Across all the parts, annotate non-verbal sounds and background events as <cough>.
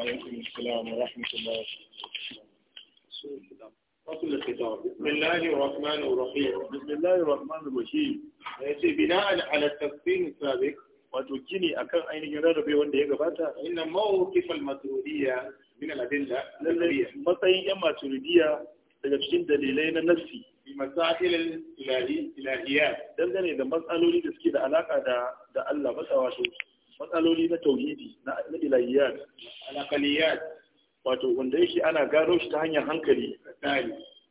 عليكم السلام ورحمة الله بسم الله الرحمن الرحيم بسم الله الرحمن الرحيم yace bina'an ala tafsir sabiq wato gini akan ainihin rarrabe wanda ya gabata inna mawqif al-maturidiyya min al-adilla matsayin yan daga cikin dalilai na nafsi bi masail al-ilahiyya da matsaloli da suke da alaka da da Allah matsawa su matsaloli na tauhidi na ilayyar alakaliyar wato wanda yake ana gano shi ta hanyar hankali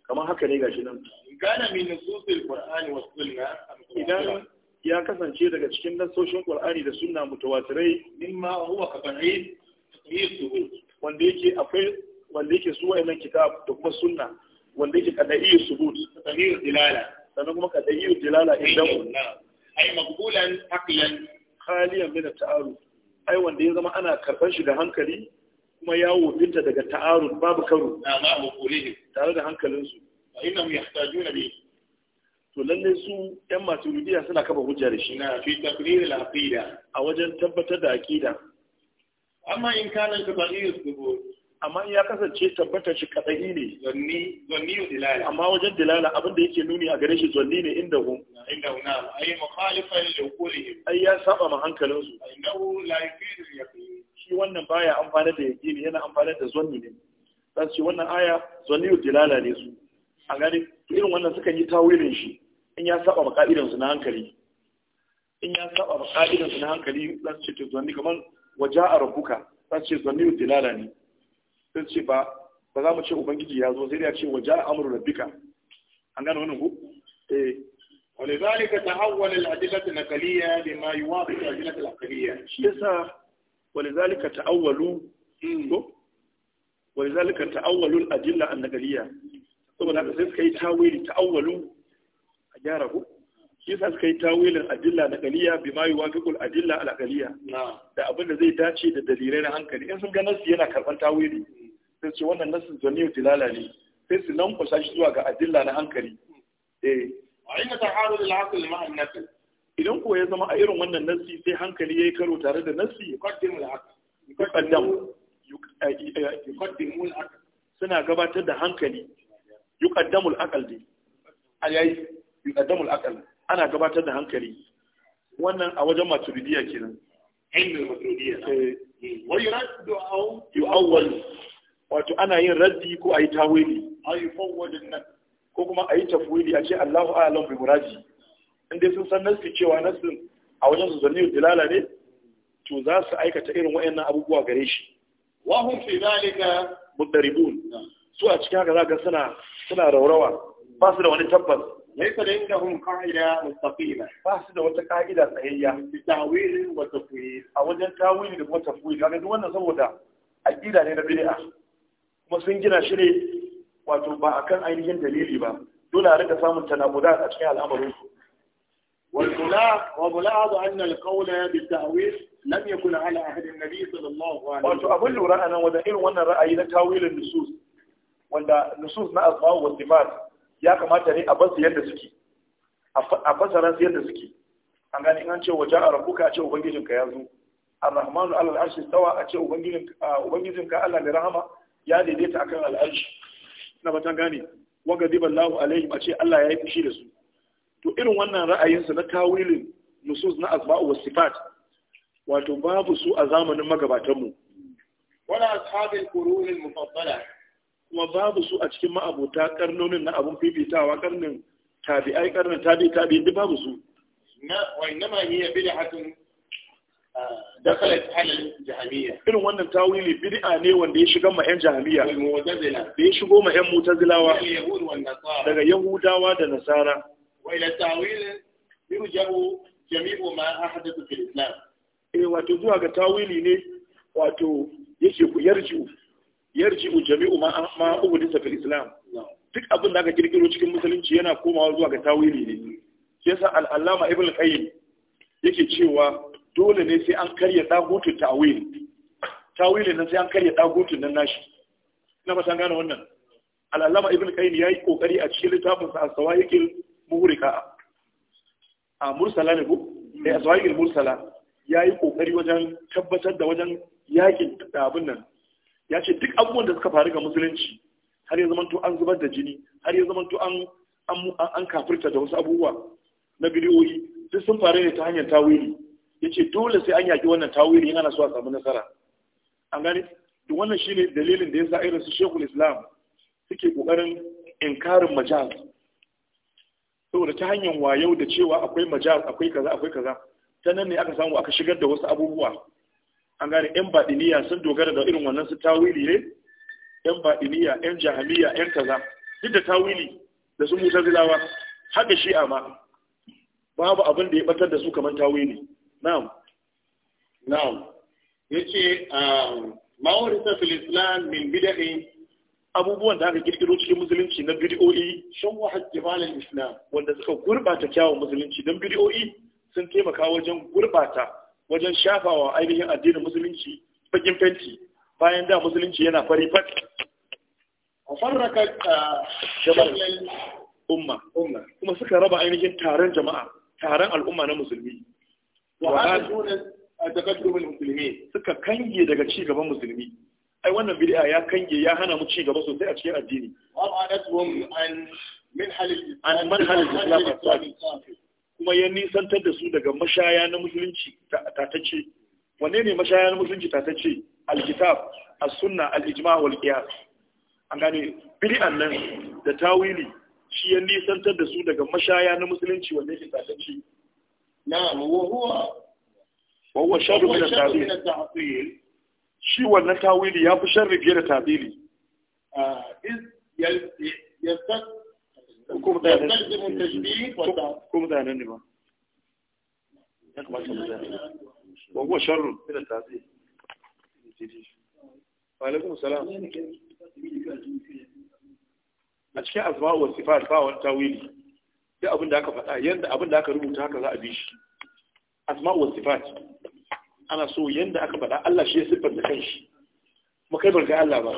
kamar haka ne gashi nan gana min nususil qur'ani wa sunna idan ya kasance daga cikin nasoshin qur'ani da sunna mutawatirai mimma huwa kafarid taqyisu wanda yake akwai wanda yake su wayannan kitab da kuma sunna wanda yake kadai subut kadai dilala sannan kuma kadai dilala idan ai maqbulan aqlan khaliyan min ta'arud ai wanda ya zama ana karban shi da hankali kuma ya wofinta daga ta'arud babu karo na ma hukulihi tare da hankalin hankalinsu fa innahum yahtajuna bi to lalle su yan maturidiya suna kafa hujja da shi na fi taqrir al aqida a wajen tabbatar da aqida amma in kana ka ba'ir subut amma ya kasance tabbatar shi kadai ne zanni zanni dilala amma wajen dilala abin da yake nuni a gare shi zanni ne inda hu inda hu na ay mukhalifan li qawlihim ai ya saba ma hankalin su innahu la da yaqin shi wannan baya amfana da yaqini yana amfana da zanni ne dan shi wannan aya zanni dilala ne su a gare irin wannan suka yi tawilin shi in ya saba ma ka'idan su na hankali in ya saba ma ka'idan su na hankali dan ce to zanni kaman waja'a rabbuka dan shi zanni dilala ne sai ce ba ba za mu ce ubangiji ya zo sai ya ce wa ja'a amru rabbika an gane wannan eh. Hmm. ko eh ولذلك تحول الأدلة النقلية لما يوافق الأدلة العقلية يسا ولذلك تأولوا ولذلك تأولوا الأدلة النقلية ثم نقصد كي تأويل تأولوا أجاره suka yi tawilin adilla na galiya bi ma yuwa gagul adilla ala galiya da abin da zai dace da dalilai na hankali in sun yana karban tawili sai ce wannan nasu zamiyu tilala ne sai su nan kusa shi zuwa ga adilla na hankali eh a inda ta haru da hankali ma annabi idan ko ya zama a irin wannan nasi sai hankali yayi karo tare da nasi yuqaddimu al-aql yuqaddamu yuqaddimu al-aql suna gabatar da hankali yuqaddamu al-aql dai ayayi yuqaddamu al-aql ana gabatar da hankali wannan a wajen maturidiya kenan ilmin maturidiya eh. wai yuradu au yu'awwal wato ana yin raddi ko a yi tawili a yi fawwadin nan ko kuma a yi tafwili a ce Allahu a'lam bi muraji in dai sun san nasu cewa nasu a wajen su zanni dilala ne to za su aikata irin wayannan abubuwa gare shi wa hum fi zalika mudaribun su a cikin haka zaka suna suna raurawa ba su da wani tabbas laysa da indahum qa'ida mustaqima ba su da wata qa'ida tsayayya bi tawili wa tafwili a wajen tawili da kuma tafwil kaga duk wannan saboda aqida ne na bid'a kuma sun gina shi ne wato ba a kan ainihin dalili ba dole a rika samun tanabuda a cikin al'amarin su وملاحظ أن القول بالتأويل لم يكن على أحد النبي صلى الله عليه وسلم وأبو اللي أنا وده إيه وانا رأي تاويل النصوص wanda nusus na asma wa sifat ya kamata ne a bar su yadda suke a fasara su yadda suke an gani an ce waje a rabbuka a ce ubangijinka ya zo ar-rahmanu alal arshi stawa a ce ubangijinka Allah ne rahama ya daidaita akan al'arshi na batan gane wa gadiba lahu alaihim a ce Allah ya yi fushi da su to irin wannan ra'ayinsa na tawilin nusus na Asba'u was sifat wato babu su a zamanin magabatanmu wala ashabil qurunil mufaddala kuma babu su a cikin ma'abota karnonin na abun fifitawa karnin tabi'ai karnin tabi'i tabi'i duk babu su na wa inma hiya bid'atun dakalat halin jahamiya irin wannan tawili bid'a ne wanda ya shiga ma yan jahamiya da ya shigo ma yan mutazilawa daga yahudawa da nasara wa ila tawil yurjahu jami'u ma ahdathu fil islam eh wato zuwa ga tawili ne wato yake ku Yarji yarji'u jami'u ma ma uhdisa fil islam duk abin da aka kirkiro cikin musulunci yana komawa zuwa ga tawili ne yasa al-allama ibn qayyim yake cewa dole ne sai an karya dagutun ta'awil tawilin nan sai an karya dagutun nan nashi ina ba san gane wannan al'allama ibn ya yayi kokari a cikin littafin sa as-sawa'iqil muhrika a mursala ne ko eh sawaiqil mursala yayi kokari wajen tabbatar da wajen yakin abin nan ya ce duk abubuwan da suka faru ga musulunci har ya zamanto an zubar da jini har ya zamanto an an kafirta da wasu abubuwa na bidiyoyi duk sun faru ne ta hanyar tawili yace dole sai an yaki wannan tawili yana na so a samu nasara an gane duk wannan shine dalilin da yasa irin su shekul Islam suke kokarin inkarin majaz saboda ta hanyar wayau da cewa akwai majaz akwai kaza akwai kaza ta nan ne aka samu aka shigar da wasu abubuwa an gane yan baɗiniya sun dogara da irin wannan su tawili ne yan baɗiniya, yan jahiliya yan kaza duk da tawili da su zilawa haka shi'a ma babu abin da ya batar da su kamar tawili na'am na'am yace um, ma'aurisa fil islam min bid'in abubuwan da aka kirkiro cikin musulunci na bid'o'i shan wahad islam wanda suka gurbata kyawun musulunci don bid'o'i sun taimaka wajen gurbata wajen shafawa ainihin addinin musulunci bakin fenti bayan da musulunci yana fari fat a farraka uh, jama'ar umma kuma suka raba ainihin taron jama'a taron al'umma na musulmi suka kange daga ci gaban musulmi ai wannan bid'a ya kange ya hana mu ci gaba sosai a cikin addini an kuma ya nisantar da su daga mashaya na musulunci ce, wanne ne mashaya na musulunci tatacce alkitab as-sunna al-ijma wal qiyas an gane bid'an nan da tawili shi ya nisantar da su daga mashaya na musulunci wanne ne ce? نعم هو هو وهو شر من التعطيل هو التعطيل يا ابو شر غير التعطيل اه اذ يل يستق كم كم دهن نبا وهو شر من التعطيل وعليكم السلام اشياء اسماء وصفات فاول تاويلي duk abin da aka faɗa yadda abin da aka rubuta haka za a bi shi asma wa sifat ana so yadda aka faɗa Allah shi ya siffar da kanshi mu kai barka Allah ba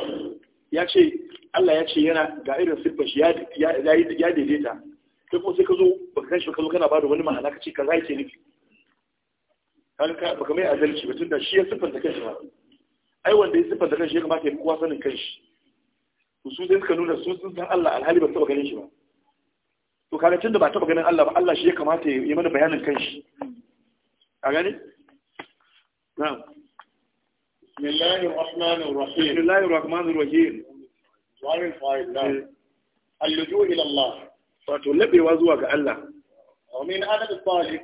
ya ce Allah ya ce yana ga irin siffar shi ya ya daidaita kai kuma sai ka zo baka kanshi ka zo kana bada wani ma'ana ka ce za ke nufi kan ka baka mai azalci ba tunda shi ya siffar da kanshi ba ai wanda ya siffar da kanshi ya kamata ya kowa sanin kanshi su sai suka nuna su sun san Allah alhali ba su taɓa ganin shi ba to kaga tunda ba taba ganin Allah ba Allah shi ya kamata ya yi mana bayanin kan shi. a gani na'am bismillahir rahmanir rahim bismillahir rahmanir rahim wa'in fa'illah eh. al-luju' ila Allah wato labewa zuwa ga Allah wa min adab salih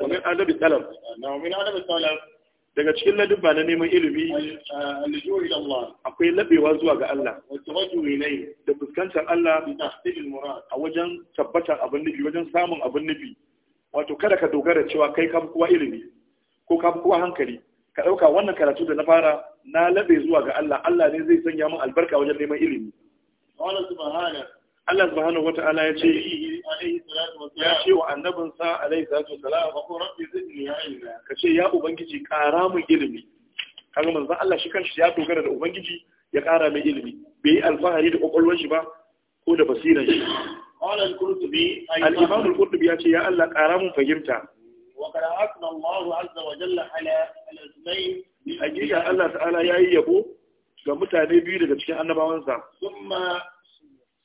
wa min adab salaf na min adab salaf daga cikin ladubba na neman ilimi uh, akwai labewa zuwa ga Allah da fuskantar Allah a wajen tabbatar abin nufi wajen samun abin nufi wato kada ka dogara cewa kai ka kuwa ilimi ko ka kuwa hankali ka ɗauka wannan karatu da na fara na labe zuwa ga Allah Allah ne zai sanya min albarka wajen neman ilimi Allah subhanahu wata'ala ya ce ya ce wa annabinsa alaihi salatu wasalam ka ce ya ubangiji ƙara mun ilimi kaga manzon Allah shi kanshi ya dogara da ubangiji ya ƙara mai ilimi bai yi alfahari da kwakwalwar shi ba ko da basiran shi al-imam al-qurtubi ya ce ya Allah ƙara mun fahimta wa qad asna Allah azza wa jalla ala al-ismail hakika Allah ta'ala yayi yabo ga mutane biyu daga cikin annabawansa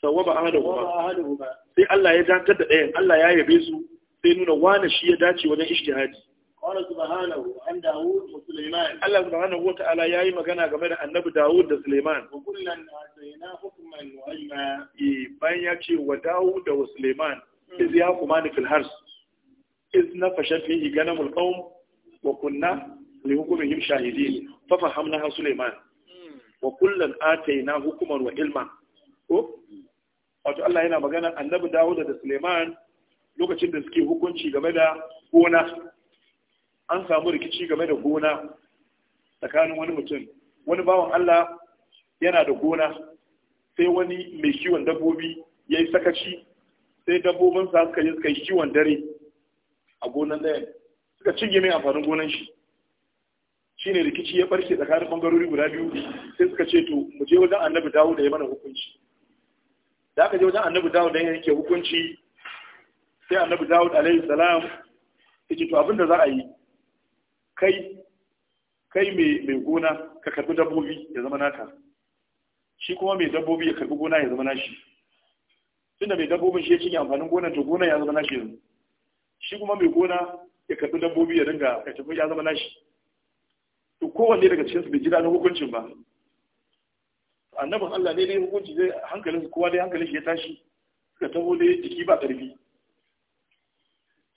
sawaba ahaduhuma sai Allah ya dantar da ɗayan Allah ya yabe su sai nuna wani shi ya dace wajen ijtihadi qala subhanahu an daud wa sulaiman Allah subhanahu wa ta'ala yayi magana game da annabi daud da sulaiman wa kullan atayna hukman wa ilma e, bayan ya ce wa daud wa sulaiman hmm. iz yaqumani fil hars iz nafasha fihi ganamul qawm wa kunna li hukmihim shahidin fa fahamnaha sulaiman hmm. wa kullan atayna hukman wa ilma ko wato Allah yana magana annabi Dawud da Suleiman lokacin da suke hukunci game da gona an samu rikici game da gona tsakanin wani mutum wani bawan Allah yana da gona sai wani mai kiwon dabbobi ya yi sakaci sai sa suka yi suka yi kiwon dare a gonan ɗayan suka cinye mai amfanin gonan shi Shi ne rikici ya barke tsakanin bangarori guda biyu sai suka ce to mu je wajen annabi dawo da ya mana hukunci da aka je wajen annabi dawud dan yake hukunci sai annabi dawud alaihi salam yake to abinda za a yi kai kai mai gona ka karbi dabbobi ya zama naka shi kuma mai dabbobi ya karbi gona ya zama nashi tunda mai dabbobin shi ya cinye amfanin gonan to gona ya zama nashi yanzu shi kuma mai gona ya karbi dabbobi ya dinga ya tafi ya zama nashi to kowanne daga cikin su bai ji daɗin hukuncin ba annabin Allah ne dai hukunci zai hankalin kowa dai hankalin shi ya tashi suka taho dai jiki ba ƙarfi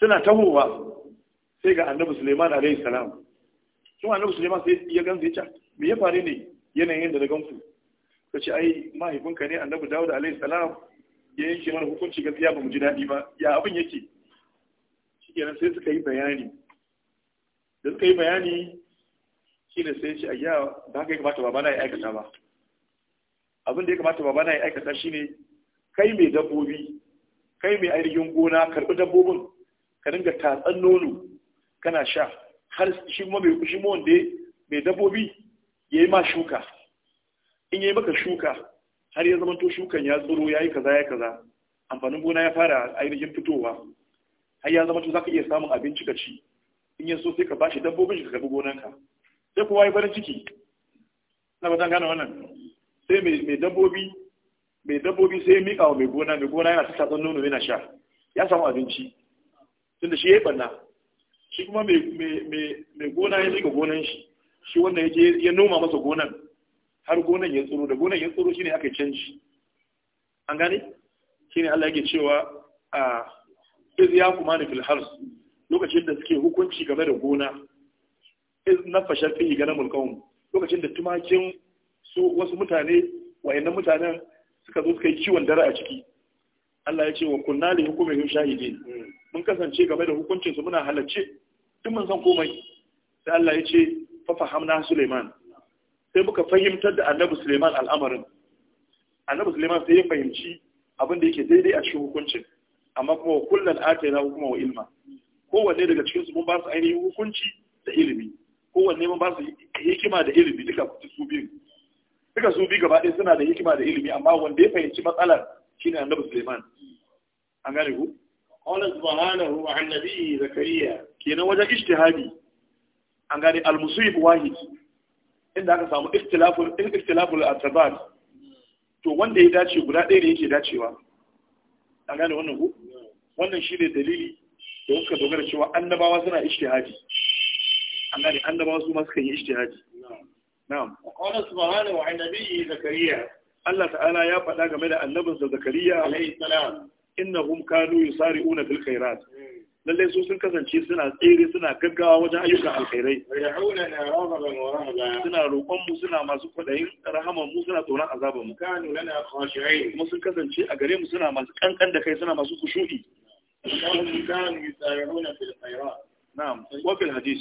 suna tahowa sai ga annabi Suleiman alaihi salam kuma annabi Suleiman sai ya gan zai can. me ya faru ne yanayin da na ganku ka ce ai mahaifinka ne annabi Dawud alaihi salam ya yanke mana hukunci gaskiya ba mu ji daɗi ba ya abin yake shikenan sai suka yi bayani da suka yi bayani shine sai ya ayya ba ka yi kamata ba ba na aikata ba abin da ya kamata babana ya aikata shine kai mai dabbobi kai mai ainihin gona karɓi dabbobin ka dinga tatsan nono kana sha har shi ma mai kushi ma wanda mai dabbobi ya yi ma shuka in ya yi maka shuka har ya zamanto shukan ya tsoro ya yi kaza ya kaza amfanin gona ya fara ainihin fitowa har ya zamanto za ka iya samun abinci ka ci in ya so sai ka bashi dabbobin shi ka karɓi gonanka sai kowa ya farin ciki na ba zan gane wannan sai mai dabbobi sai ya miƙa wa mai gona mai gona yana ta tatsan nono yana sha ya samu abinci tunda shi ya yi ɓanna shi kuma mai gona ya miƙa gonan shi shi wannan ya je noma masa gonan har gonan ya tsoro da gonan ya tsoro shine aka canji an gane shine Allah yake cewa a iz ya kuma ni fil hars lokacin da suke hukunci game da gona iz nafashar fi ganamul qawm lokacin da tumakin su wasu mutane wayannan mutanen suka zo suka yi ciwon dare a ciki Allah ya ce wa kunna li hukumihim shahidin mun kasance game da hukuncin su muna halacce duk mun san komai sai Allah ya ce fa fahamna Suleiman sai muka fahimtar da Annabi Suleiman al'amarin Annabi Suleiman sai ya fahimci abin da yake daidai a cikin hukuncin amma kuma wa kullal atayna hukuma wa ilma kowanne daga cikin su mun ba su ainihin hukunci da ilimi kowanne mun ba su hikima da ilimi duka su biyu duka su bi gaba ɗaya suna da hikima da ilimi amma wanda ya fahimci matsalar shi ne annabi Suleiman an gane ku qala subhanahu wa annabi zakariya kenan wajen ijtihadi an gane al wahid inda aka samu ikhtilaful ikhtilaful atabat to wanda ya dace guda ɗaya ne yake dacewa an gane wannan ku wannan shi ne dalili da suka dogara cewa annabawa suna ijtihadi an gane annabawa su ma suka yi ijtihadi na'am wani subhanahu wa nabiyyi zakariya Allah ta'ala ya faɗa game da annabinsa zakariya alayhi salam innahum kanu una fil khairat hmm. lalle su sun kasance suna tsere suna gaggawa wajen ayyukan alkhairai suna roƙon mu suna masu kwaɗayin rahaman mu suna tsoron azaban mu kanu lana khashi'in mu sun kasance a gare mu suna masu kankan da kai suna masu kushu'i kanu yusari'una fil khairat na'am wa fil hadith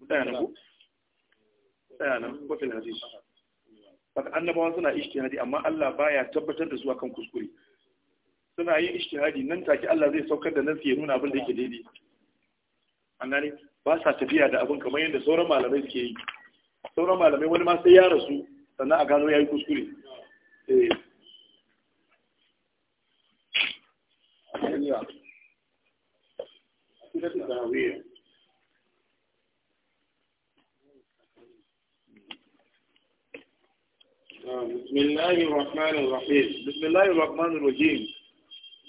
mutane ku tsaya nan wafil baka annabawa suna ishtihadi amma Allah baya tabbatar da su akan kuskure suna yin ishtihadi nan take Allah zai saukar da nan ya nuna abin da yake daidai annan ba sa tafiya da abin kamar yadda sauran malamai suke yi sauran malamai wani ma sai ya rasu sannan a gano ya yi kuskure eh Yeah. بسم الله الرحمن الرحيم بسم الله الرحمن الرحيم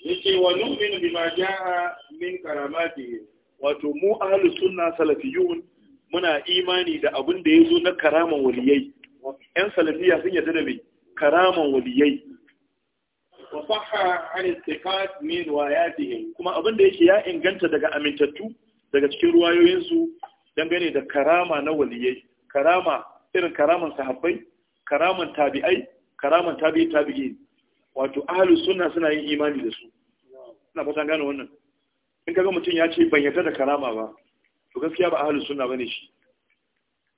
yace wa nu'min bima jaa min karamatihi wato mu ahlus sunna salafiyun muna imani da abin da yazo na karaman waliyai yan salafiya sun yarda da me karaman waliyai wa sahha an istifat min riwayatihim kuma abin da yake ya inganta daga amintattu daga cikin ruwayoyinsu dangane da karama na waliyai karama irin karaman sahabbai karaman tabi'ai karaman tabi'i tabi'i wato ahlu sunna suna yin imani da su ina fatan gane wannan in kaga mutum ya ce ban yarda da karama ba to gaskiya ba ahlu sunna bane shi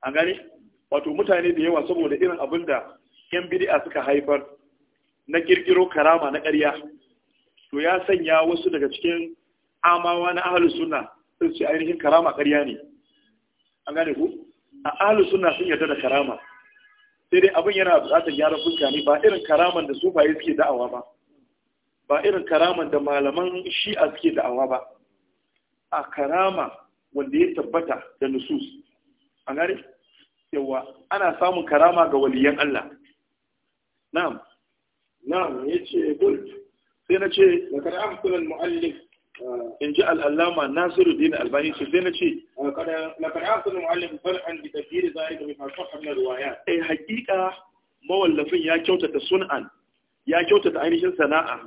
an gane wato mutane da yawa saboda irin abin da yan bid'a suka haifar na kirkiro karama na ƙarya to ya sanya wasu daga cikin amawa na ahlu sunna sun ce ainihin karama ƙarya ne an gane ku a ahlu sunna sun yarda da karama sai dai abin yana bukatar gyaran fuska ne ba irin karaman da sufaye suke da'awa ba ba irin karaman da malaman shi'a suke da'awa ba a karama wanda ya tabbata da nusus a gare yawa ana samun karama ga waliyan Allah na'am na'am ce gul sai na ce da karam muallif in ji al'allama nasiru dina albani su zai na ce a eh, haƙiƙa mawallafin ya kyautata sun'an ya kyautata ainihin sana'a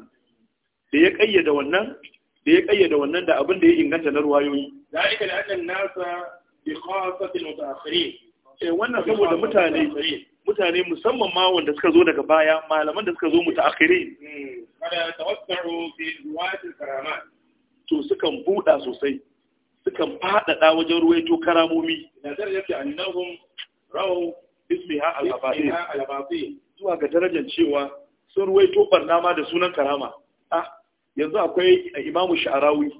da ya ƙayyada wannan da ya ƙayyada wannan da abin da ya inganta na ruwayoyi zalika da annan nasa bi khasatil mutaakhirin eh wannan saboda mutane mutane musamman ma wanda suka zo daga baya malaman da suka zo mutaakhirin kada hmm. tawassa'u fi ruwayatil karamat to sukan buɗa sosai sukan faɗaɗa wajen ruwaito karamomi nazar yake annahum rawu ismiha al-abati zuwa ga darajar cewa sun ruwaito barna ma da sunan karama ah yanzu akwai imamu sha'arawi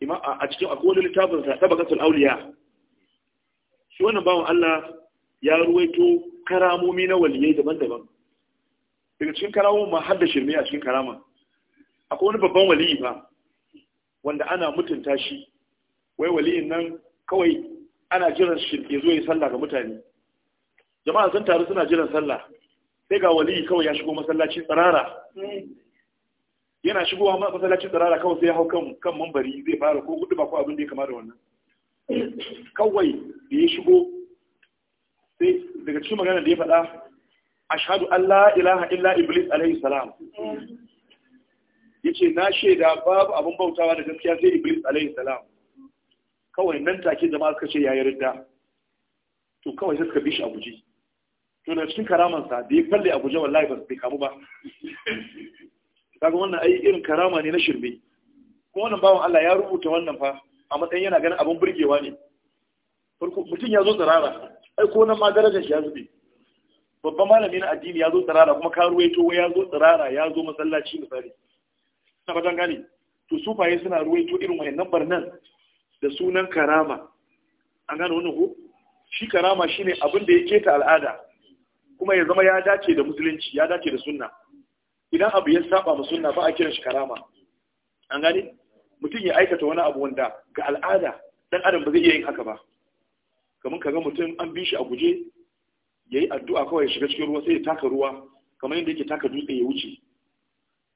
a cikin akwai wani littafin sa tabaqatul awliya shi wannan bawan Allah ya ruwaito karamomi na waliyai daban-daban daga cikin karamomin ma har da shirme a cikin karama akwai wani babban waliyi ba wanda ana mutunta shi wai waliyin nan kawai ana jiran shi ya zo yi sallah ga mutane jama'a sun taru suna jiran sallah sai ga waliyi kawai ya shigo masallaci tsirara yana shigowa masallaci tsirara kawai sai ya hau kan kan mambari zai fara ko gudu ba ko abin da ya kama da wannan kawai da ya shigo sai daga cikin magana da ya faɗa ashhadu an la ilaha illa iblis alaihi salam yace na shaida babu abin bautawa da gaskiya sai iblis alayhi salam kawai nan take jama'a suka ce yayi ridda to kawai sai suka bishi a guje to na cikin karaman sa da ya falle a guje wallahi ba su kamu ba kaga wannan ai irin karama ne na shirme kuma wannan bawan Allah ya rubuta wannan fa a matsayin yana ganin abin burgewa ne farko mutum ya zo tsirara ai ko nan ma darajar shi ya zube babban malami na addini ya zo tsirara kuma karuwaito ya zo tsirara ya zo masallaci misali na fatan gani, to sufaye suna to irin nambar nan da sunan karama an gane wannan ko shi karama shine abin da ya keta al'ada kuma ya zama ya dace da musulunci ya dace da sunna idan abu ya saba ma sunna ba a kiran shi karama an gani? mutum ya aikata wani abu wanda ga al'ada dan adam ba zai iya yin haka ba kamar kaga mutum an bi shi a guje yayi addu'a kawai ya shiga cikin ruwa sai ya taka ruwa kamar yadda yake taka dutse ya wuce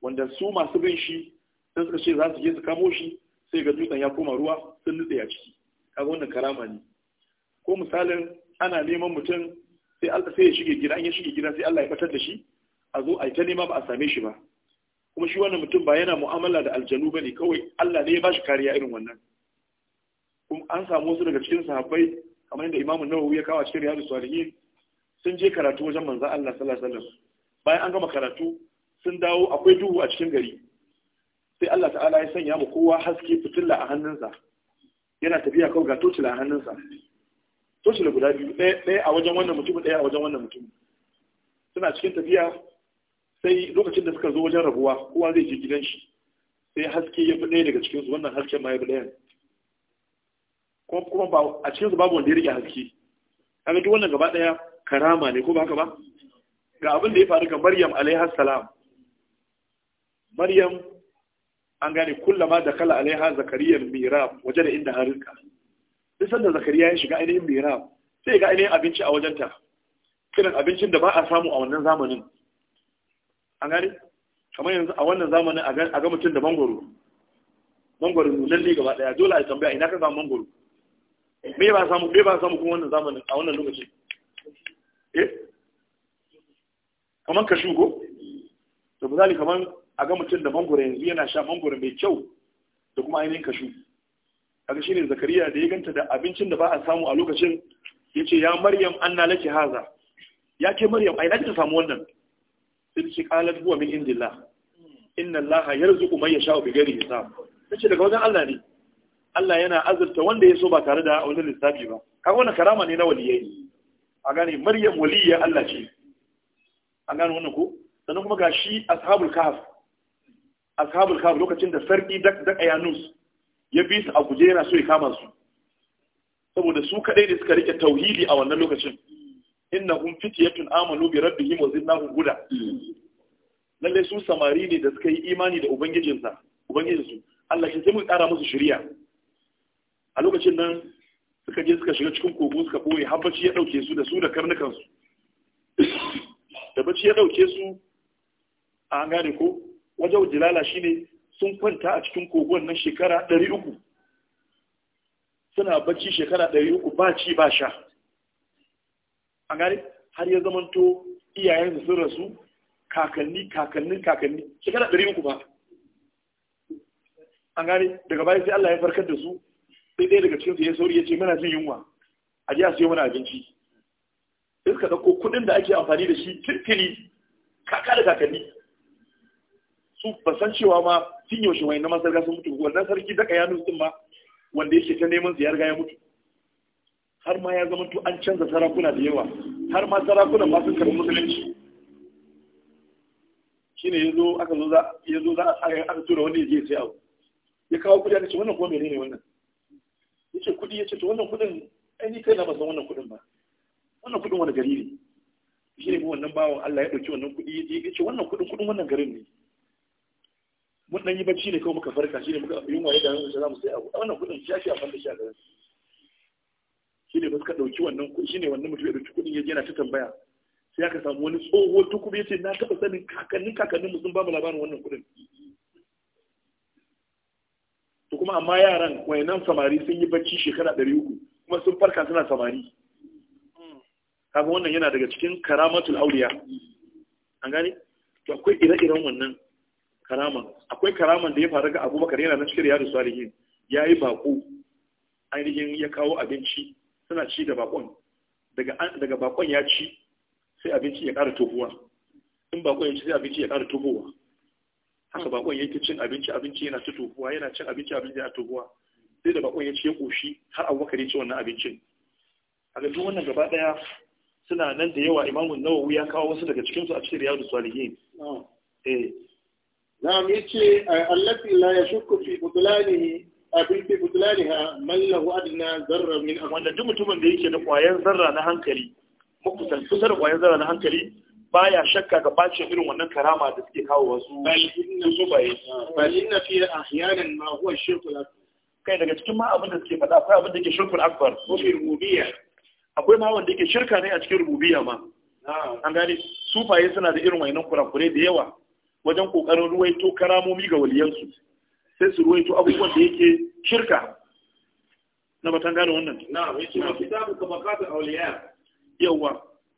wanda su masu bin shi sun suka ce za su je su kamo shi sai ga dutsen ya koma ruwa sun nutse a ciki kaga wannan karama ne ko misalin ana neman mutum sai Allah sai ya shige gida an ya shige gida sai Allah ya batar da shi a zo a yi ta nema ba a same shi ba kuma shi wannan mutum ba yana mu'amala da aljanu bane kawai Allah ne ya bashi kariya irin wannan kuma an samu wasu daga cikin sahabbai kamar yadda Imam Nawawi ya kawo cikin Riyadus Salihin sun je karatu wajen manzon Allah sallallahu alaihi wasallam bayan an gama karatu sun dawo akwai duhu a cikin gari sai Allah ta'ala ya sanya mu kowa haske fitilla a hannunsa yana tafiya kawai ga tocila a hannunsa tocila guda biyu ɗaya a wajen wannan mutum ɗaya a wajen wannan mutum suna cikin tafiya sai lokacin da suka zo wajen rabuwa kowa zai je gidan shi sai haske ya fi ɗaya daga cikinsu wannan hasken ma ya fi ɗayan kuma ba a cikinsu babu wanda ya rike haske kaga duk wannan gaba ɗaya karama ne ko ba ka ba ga abin da ya faru ga Maryam alaihi salam maryam an gane kullama da kala alaiha zakariya mirab waje da inda harinka duk sanda zakariya ya shiga ainihin mirab sai ga ainihin abinci a wajenta kiran abincin da ba a samu a wannan zamanin an gane kamar yanzu a wannan zamanin a ga mutum da mangoro mangoro nunanne gaba daya dole a tambaya ina ka samu mangoro me ba samu me ba samu kuma wannan zamanin a wannan lokaci eh kamar kashu ko to misali kamar a ga mutum da mangoro yanzu yana sha mangoro mai kyau da kuma ainihin kashu kaga shine zakariya da ya ganta da abincin da ba a samu a lokacin Ya ce ya maryam an na lake haza ya ke maryam a zaki ta samu wannan sai ce kalar buwa min indillah inna allaha yarzuqu man ya samu. hisab ce daga wajen Allah ne Allah yana azurta wanda ya so ba tare da wani lissafi ba kaga wannan karama ne na waliyai a gane maryam waliyya Allah ce A gane wannan ko sannan kuma ga shi ashabul kahf ashabul kahf lokacin da sarki dak ayanus ya bi su a guje yana so ya kama su saboda su kadai ne suka rike tauhidi a wannan lokacin innahum fityatun amanu bi rabbihim wa zinnahu huda lalle su samari ne da suka yi imani da ubangijinsa ubangijinsu Allah shi sai mu tsara musu shari'a a lokacin nan suka je suka shiga cikin kogo suka boye har ya dauke su da su da karnukan su da bacci ya dauke su an gane ko wajen jilala shine sun kwanta a cikin kogon nan shekara ɗari uku suna bacci shekara ɗari uku ba ci ba sha a gari har ya zamanto iyayensu sun rasu kakanni kakannin kakanni shekara ɗari uku ba an gane daga bayan sai Allah ya farkar da su sai ɗaya daga su ya sauri ya ce muna jin yunwa a ji a mana abinci sai suka ɗauko kuɗin da ake amfani da shi tirkini kaka da kakanni su ba san cewa ma sun yaushe wani na masarga sun mutu wannan sarki daga ya nutsin ma wanda ya ta neman ziyar ga ya mutu har ma ya zama to an canza sarakuna da yawa har ma sarakuna ba su karɓi musulunci shine ne aka zo za zo za a aka tura wanda je sai abu ya kawo kudi aka ce wannan ko menene wannan yace kudi yace to wannan kudin ai ni kai na ba san wannan kudin ba wannan kudin wani gari ne shine wannan bawon Allah ya dauki wannan kudi yace wannan kudin kudin wannan garin ne mun dan yi bacci ne kawai muka farka shine muka yunwa ya dame mu za mu sai abu wannan kudin shashi a fanda shi a garin shine ba suka dauki wannan kudi shine wannan mutum ya dauki kudin ya yana ta tambaya sai aka samu wani tsoho tukubi ya ce na taba sanin kakannin kakannin mu sun ba mu labarin wannan kudin to kuma amma yaran wayannan samari sun yi bacci shekara ɗari uku kuma sun farka suna samari kaga wannan yana daga cikin karamatul auliya an gane to akwai ire-iren wannan karama akwai karama da ya faru ga abubakar yana na cikin da salihin ya yi bako ainihin ya kawo abinci suna ci da bakon daga bakon ya ci sai abinci ya ƙara tohuwa in bakon ya ci sai abinci ya ƙara tohuwa haka bakon yake cin abinci abinci yana ta tohuwa yana cin abinci abinci yana tohuwa sai da bakon ya ci ya ƙoshi har abubakar ya ci wannan abincin a ga duk wannan gaba ɗaya suna nan da yawa imamun nawawi ya kawo wasu daga cikinsu a cikin riyadu salihin eh نعم يتشي التي لا يشك في بطلانه abin fi budlaniha man lahu adna zarra min wanda duk mutumin da yake da ƙwayan zarra na hankali mukusan kusa zarra na hankali baya shakka ga bacin irin wannan karama da suke kawo wasu bal inna zubaye bal inna kai daga cikin ma abin da suke faɗa akwai abin da ke shirkul akbar akwai ma wanda yake shirka ne a cikin rububiyya ma an gani sufaye suna da irin wayannan kurakurai da yawa wajen kokarin ruwaito karamomi ga waliyansu sai su ruwaito abubuwan da yake shirka na batan gane wannan na'am kitabu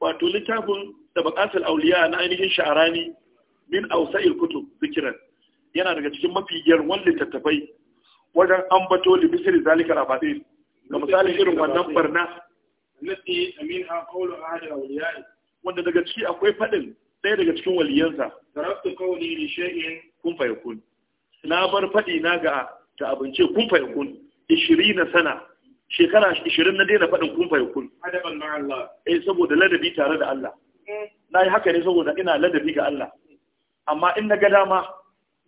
wato littafin da bakatar awliya na ainihin sha'arani min Ausa'il Kutu, zikiran yana daga cikin mafi yarwan littattafai wajen ambato bato misri zalika al ga misali irin wannan barna wanda daga ciki akwai faɗin. ɗaya daga cikin waliyansa tarabtu qawli li shay'in kun yakun na bar fadi na ga ta abince kun yakun 20 sana shekara 20 na daina fadin kun yakun adaban ma Allah eh saboda ladabi tare da Allah na yi haka ne saboda ina ladabi ga Allah amma in na ga dama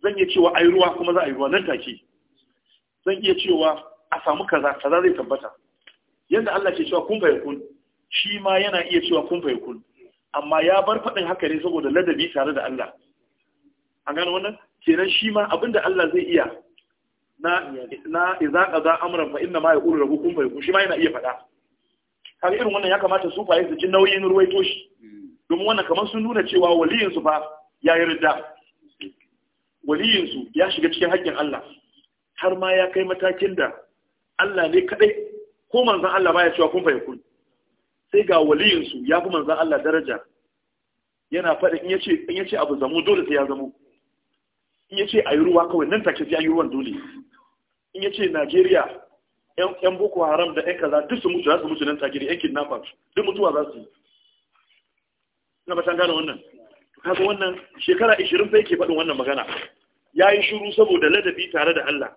zan iya cewa ai ruwa kuma za a yi ruwa nan take zan iya cewa a samu kaza kaza zai tabbata yadda Allah ke cewa kun yakun shi ma yana iya cewa kun yakun amma ya bar faɗin haka ne saboda ladabi tare da Allah an gano wannan kenan shi ma abinda Allah zai iya na na idza qaza amran fa inna ma yaqulu rabbukum fa yakun shi ma yana iya faɗa kaga irin wannan ya kamata su faye su ji nauyin ruwaito shi domin wannan kamar sun nuna cewa waliyin su fa ya yarda waliyin su ya shiga cikin haƙƙin Allah har ma ya kai matakin da Allah ne kadai ko manzon Allah baya cewa kun fa yakun sai ga waliyinsu ya fi manzan Allah daraja yana faɗa in yace in yace abu zamu dole sai ya zamo in yace ayi ruwa kawai nan take sai ayi ruwan dole in yace Najeriya yan boko haram da yan kaza duk su mutu za su mutu nan take yan kidnappers duk mutuwa za su yi na ba san gane wannan kaga wannan shekara 20 fa yake faɗin wannan magana yayi shiru saboda ladabi tare da Allah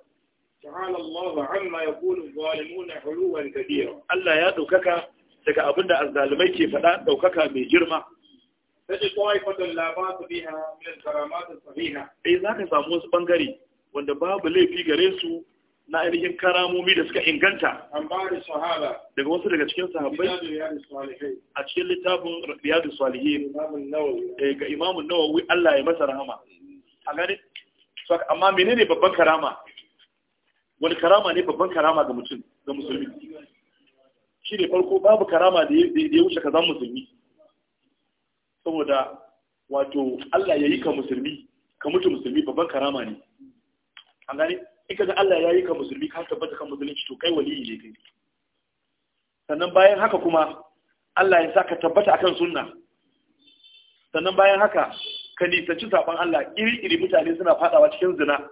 ta'ala Allah amma yaqulu zalimuna huluwan kabira Allah ya ɗaukaka. daga abin da azzalumai ke faɗa ɗaukaka mai girma. Sai kawai fatan Eh za ka samu wasu ɓangare, wanda babu laifi gare su na ainihin karamomi da suka inganta. An ba da Daga wasu daga cikin sahabbai. A cikin littafin Riyadu Salihi. Eh, ga Imamun Nawawi Allah ya masa rahama. Mm. A gani? Amma menene babban karama? Wani karama ne babban karama ga mutum, ga musulmi? shi ne farko babu karama da ya wuce ka zan musulmi saboda wato Allah ya yi ka musulmi ka mutu musulmi babban karama ne an gani in ka ga Allah ya yi ka musulmi ka tabbata kan musulunci to kai waliyi ne kai sannan bayan haka kuma Allah ya sa ka tabbata akan sunna sannan bayan haka ka nisanci saban Allah iri-iri mutane suna fadawa cikin zina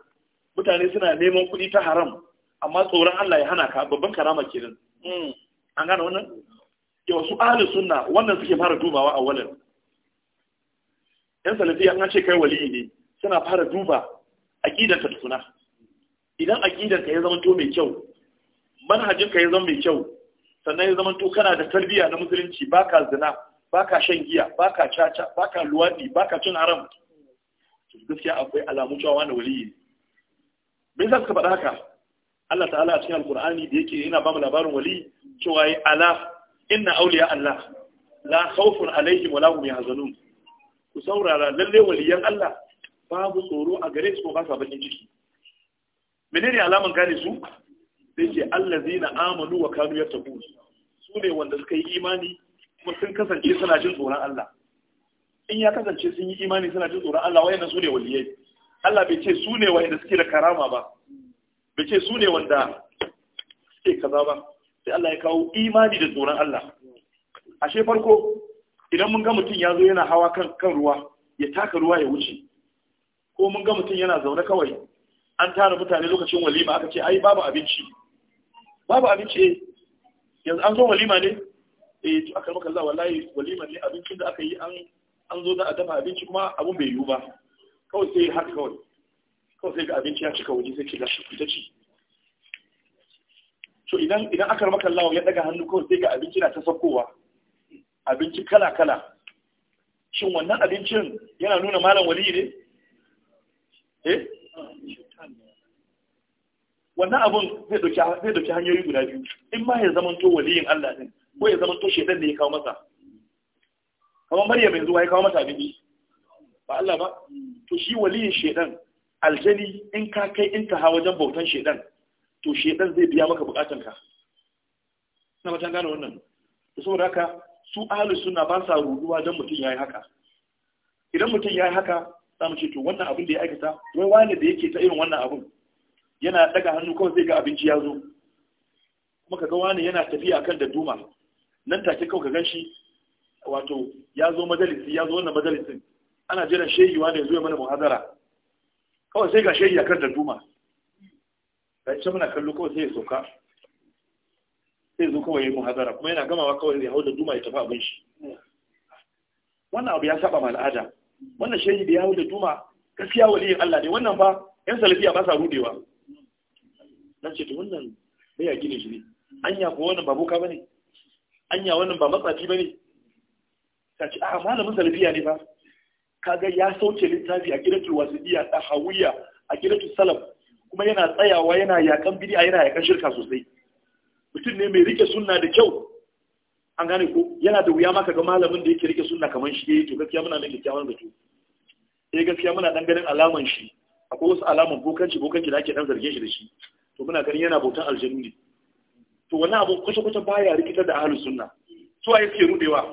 mutane suna neman kuɗi ta haram amma tsoron Allah ya hana ka babban karama kenan mm. an gane wannan yawa su ahli sunna wannan suke fara dubawa a walin yan salafiya an ce kai wali ne suna fara duba aqidar ka tukuna idan aqidar ka ya zama to mai kyau manhajin ka ya zama mai kyau sannan ya zama to kana da tarbiyya na musulunci baka zina baka shan giya baka caca baka luwadi baka cin haram gaskiya akwai alamu cewa wani waliyi me yasa suka faɗa haka Allah ta'ala a cikin alkur'ani da yake yana ba mu labarin wali cewa ya ala inna auliya Allah la khawfun alaihim wa lahum yahzanun ku saurara lalle waliyan Allah babu tsoro a gare su ba sa bakin ciki menene alaman gane su sai ce allazina amanu wa kanu yattaqun su ne wanda suka yi imani kuma sun kasance suna jin tsoron Allah in ya kasance sun yi imani suna jin tsoron Allah wayannan su ne waliyai Allah bai ce su ne wayanda suke da karama ba bai ce su ne wanda suke kaza ba sai Allah ya kawo imani da tsoron Allah ashe farko idan mun ga mutum ya zo yana hawa kan kan ruwa ya taka ruwa ya wuce ko mun ga mutum yana zaune kawai an tara mutane lokacin walima aka ce ai babu abinci babu abinci yanzu an zo walima ne eh to aka maka Allah wallahi walima ne abincin da aka yi an an zo da a dafa abinci kuma abun bai yiwu ba kawai sai haka kawai kawai sai ga abinci ya cika waje sai ke gashi ku ci so idan idan aka rama kallawa ya daga hannu kawai sai ga abinci na ta saukowa abinci kala kala shin wannan abincin yana nuna malam wali ne eh wannan abun zai dauki zai dauki hanyoyi guda biyu in ma ya zamanto waliyin Allah din ko ya zamanto shedan da ya kawo masa kamar Maryam yanzu ya kawo mata abinci ba Allah ba to shi waliyin shedan aljani in ka kai intaha wajen bautan shedan to shedan zai biya maka ka. na matan gane wannan da saboda haka su ahli suna ba sa ruduwa don mutum ya yi haka idan mutum ya yi haka za mu ce to wannan abin da ya aikata wai wani da yake ta irin wannan abin yana daga hannu kawai zai ga abinci ya zo kuma ka ga wani yana tafiya kan da duma nan take kawai ka ganshi wato ya zo majalisi ya zo wannan majalisin ana jiran shehi wani ya zo ya mana muhazara kawai sai ga shi ya kan da duma da ce muna kallo kawai sai ya sauka sai zo kawai ya mu hazara kuma yana gamawa kawai ya hau da duma ya tafi abin shi wannan abu ya saba ma al'ada wannan shehi da ya hau da duma gaskiya waliyin Allah ne wannan ba yan salafiya ba sa rudewa nan ce to wannan bai ya gina shi ne anya ko wannan ba boka bane anya wannan ba matsaci bane ta ce a malamin salafiya ne ba kaga ya sauke littafi a gidan wasidiyya da hawiya a gidan salam kuma yana tsayawa yana yakan bid'a yana yakan shirka sosai mutum ne mai rike sunna da kyau an gane ko yana da wuya maka ga malamin da yake rike sunna kamar shi yake to gaskiya muna da kyakkyawan zato eh gaskiya muna dan ganin alaman shi akwai wasu alaman bokanci bokanci da ake dan zargin shi da shi to muna ganin yana bautan aljannu ne to wannan abu kusa kusa baya rikitar da ahlus sunna su waye suke rudewa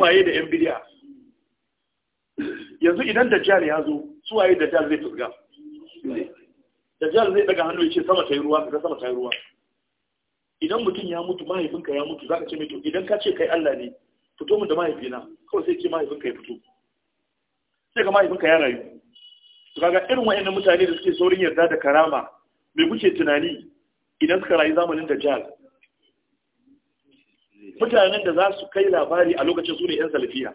faye da yan bid'a yanzu idan dajjal ya zo waye dajjal zai fusga dajjal zai daga hannu ya ce sama ta yi ruwa ka sama ta yi ruwa idan mutum ya mutu mahaifinka ya mutu zaka ce mai to idan ka ce kai Allah ne fito min da mahaifina kawai sai ce mahaifinka ya fito sai ga mahaifinka ya rayu to kaga irin wayannan mutane da suke saurin yarda da karama mai kuke tunani idan suka rayu zamanin dajjal mutanen da za su kai labari a lokacin su ne yan salafiya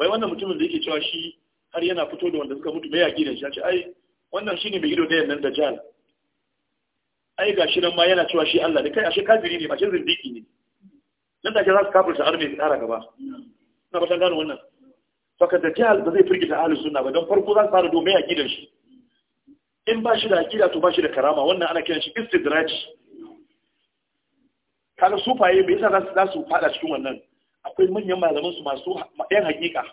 wai wannan mutumin da yake cewa shi har yana fito da wanda suka mutu mai yaƙi da shi ce ai wannan shine mai ido da nan da jal ai ga shi nan ma yana cewa shi Allah ne kai ashe kafiri ne ba shi zindiki ne nan ke za su kafirta har mai tsara gaba ina ba san gano wannan saka da jal ba zai firgita ahli sunna ba dan farko za su fara domin yaƙi da shi in ba shi da akida to ba shi da karama wannan ana kiran shi istidraj kaga sufaye bai sa za su fada cikin wannan akwai manyan malaman su masu yan hakika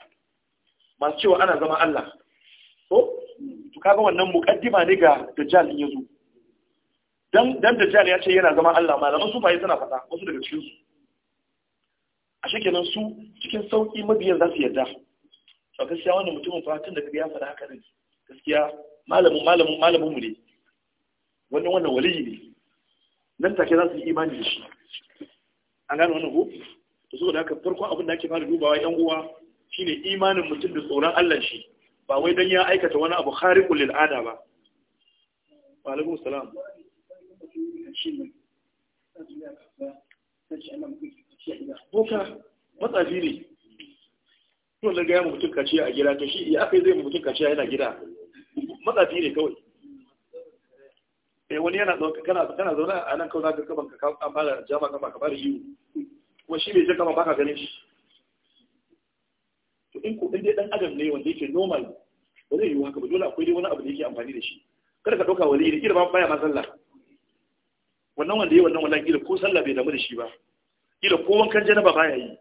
masu cewa ana zama Allah to to kaga wannan mukaddima ne ga dajjal in yazo dan dan dajjal ya ce yana zama Allah malaman su faye suna fata wasu daga cikin su a shekenan su cikin sauki mabiyan za su yarda to gaskiya wannan mutumin fa tun da kaga ya faɗa haka ne gaskiya malamin malamin malamin mu ne wannan wannan waliyi ne nan take za su yi imani da shi an gane wannan ko to saboda haka farkon abin da ake fara dubawa yan uwa shine imanin mutum da tsoron Allah shi ba wai dan ya aikata wani abu khariqul lil ada ba wa alaikum salam boka matsafi ne to da gaya mutum kaciya a gida to shi ya kai zai mutum kaciya yana gida matsafi ne kawai eh wani yana zaune kana kana zaune a nan kawai ka kaban ka an fara ka ba ka fara yi kuma shi mai jaka ba baka ganin shi to in ko in dai dan adam ne wanda yake normal ba zai yi haka ba dole akwai dai wani abu da yake amfani da shi kada ka dauka wali da kira baya ma sallah wannan wanda yayi wannan wannan kila ko sallah bai damu da shi ba kila ko wankan janaba baya yi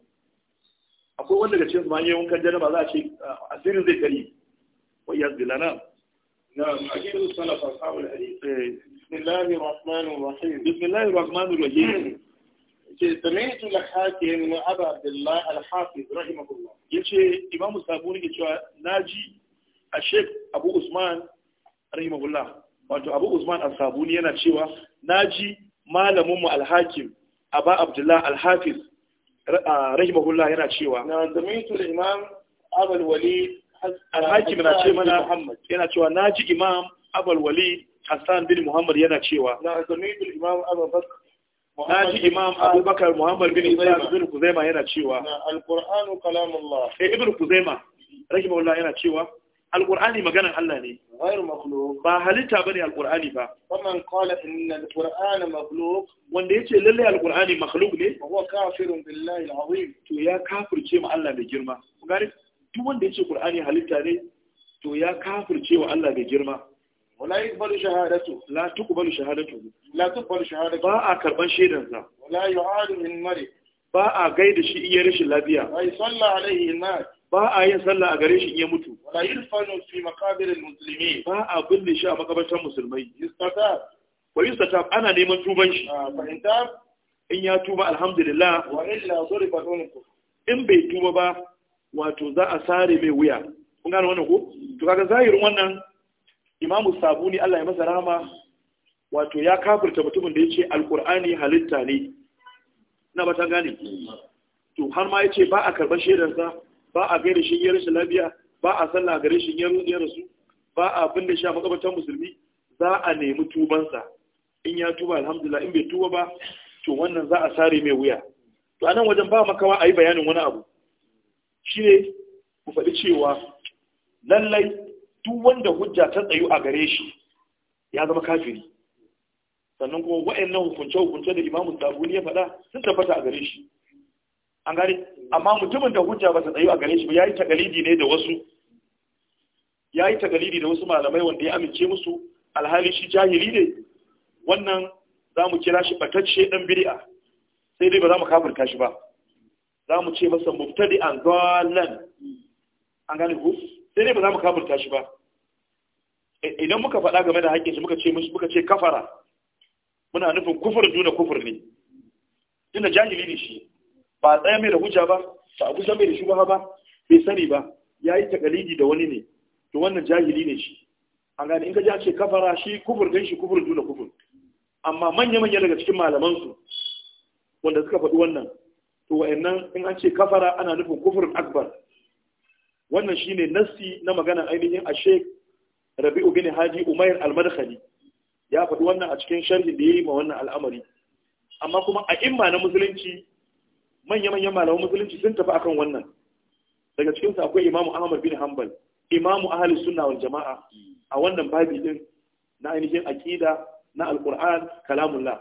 akwai wanda daga cikin ma yayin wankan janaba za a ce ah, asirin zai kare wa iyaz bilana na'am أكيد السلف أصحاب الحديث بسم الله الرحمن الرحيم بسم الله الرحمن ke samaitu al-hakim wa abu abdullah al-hafiz rahimahullah yace imam sabuni ke cewa naji a sheikh abu usman rahimahullah wato abu usman al-sabuni yana cewa naji malamin mu al-hakim abu abdullah al-hafiz ah, rahimahullah yana cewa na samaitu al-imam abu al-walid ah, al-hakim na ce mana muhammad yana cewa naji imam abu al-walid hassan bin muhammad yana cewa na samaitu al-imam abu bakr na ji imam abubakar muhammad bin isa ibn kuzaima yana cewa alqur'anu kalamullah eh ibn kuzaima rahimahullah yana cewa alqur'ani maganan Allah ne ghayr makhluq ba halitta bane alqur'ani ba faman qala inna alqur'ana makhluq wanda yace lalle alqur'ani makhluq ne huwa kafirun billahi alazim to ya kafirce ma Allah mai girma gari duk wanda yace qur'ani halitta ne to ya kafirce wa Allah mai girma wala yuqbalu shahadatu la tuqbalu shahadatu la tuqbalu shahadatu ba a karban shaidan sa wala yu'adu min mari ba a gaida shi in rashin lafiya wa yusalla alaihi nas ba a yin sallah a gare shi ya mutu wala yurfanu fi maqabiril muslimin ba a binne shi a makabartar musulmai yustata wa yustata ana neman tuban shi ah, fahimta in ya tuba alhamdulillah in bai tuba ba wato za a sare mai wuya kun gane wannan ko to kaga zahirin wannan imamu sabuni Allah ya masa rama wato ya kafirta mutumin da ya ce alkur'ani halitta ne na ba ta gane to har ma ya ce ba a karɓar shaidarsa ba a gaida shi ya rashin lafiya ba a sallah gare shi ya rasu ba a binne shi a makabartar musulmi za a nemi tubansa in ya tuba alhamdulillah in bai tuba ba to wannan za a sare mai wuya to anan wajen ba makawa a yi bayanin wani abu shine ku faɗi cewa lallai duk wanda hujja ta tsayu a gare shi ya zama kafiri sannan kuma wa'annan hukunce hukunce da imamu sabuni ya faɗa sun tabbata a gare shi an gane amma mutumin da hujja ba ta tsayu a gare shi ba yayi takalidi ne da wasu yayi tagalidi da wasu malamai wanda ya amince musu alhali shi jahili ne wannan za mu kira shi batacce dan bid'a sai dai ba za mu kafirta shi ba za mu ce masa mubtadi'an dalan an gane ku sai dai ba za mu kafirta shi ba idan muka faɗa game da haƙƙinsu shi muka ce muka ce kafara muna nufin kufur juna kufur ne tunda jahili ne shi ba tsaya mai da hujja ba ba abu san mai da shubha ba bai sani ba Ya yi takalidi da wani ne to wannan jahili ne shi an gane in ka ja ce kafara shi kufur gan shi kufur juna kufur amma manya manya daga cikin malaman su wanda suka faɗi wannan to wa'annan in an ce kafara ana nufin kufurin akbar wannan shine nassi na maganar ainihin a sheik rabi'u bin haji umair al-madkhali ya faɗi wannan a cikin sharhi da yayi ma wannan al'amari amma kuma a imma na musulunci manya-manyan malaman musulunci sun tafi akan wannan daga cikin su akwai imamu ahmad bin hanbal imamu ahli sunna wal jama'a a wannan babi din na ainihin aqida na alquran kalamullah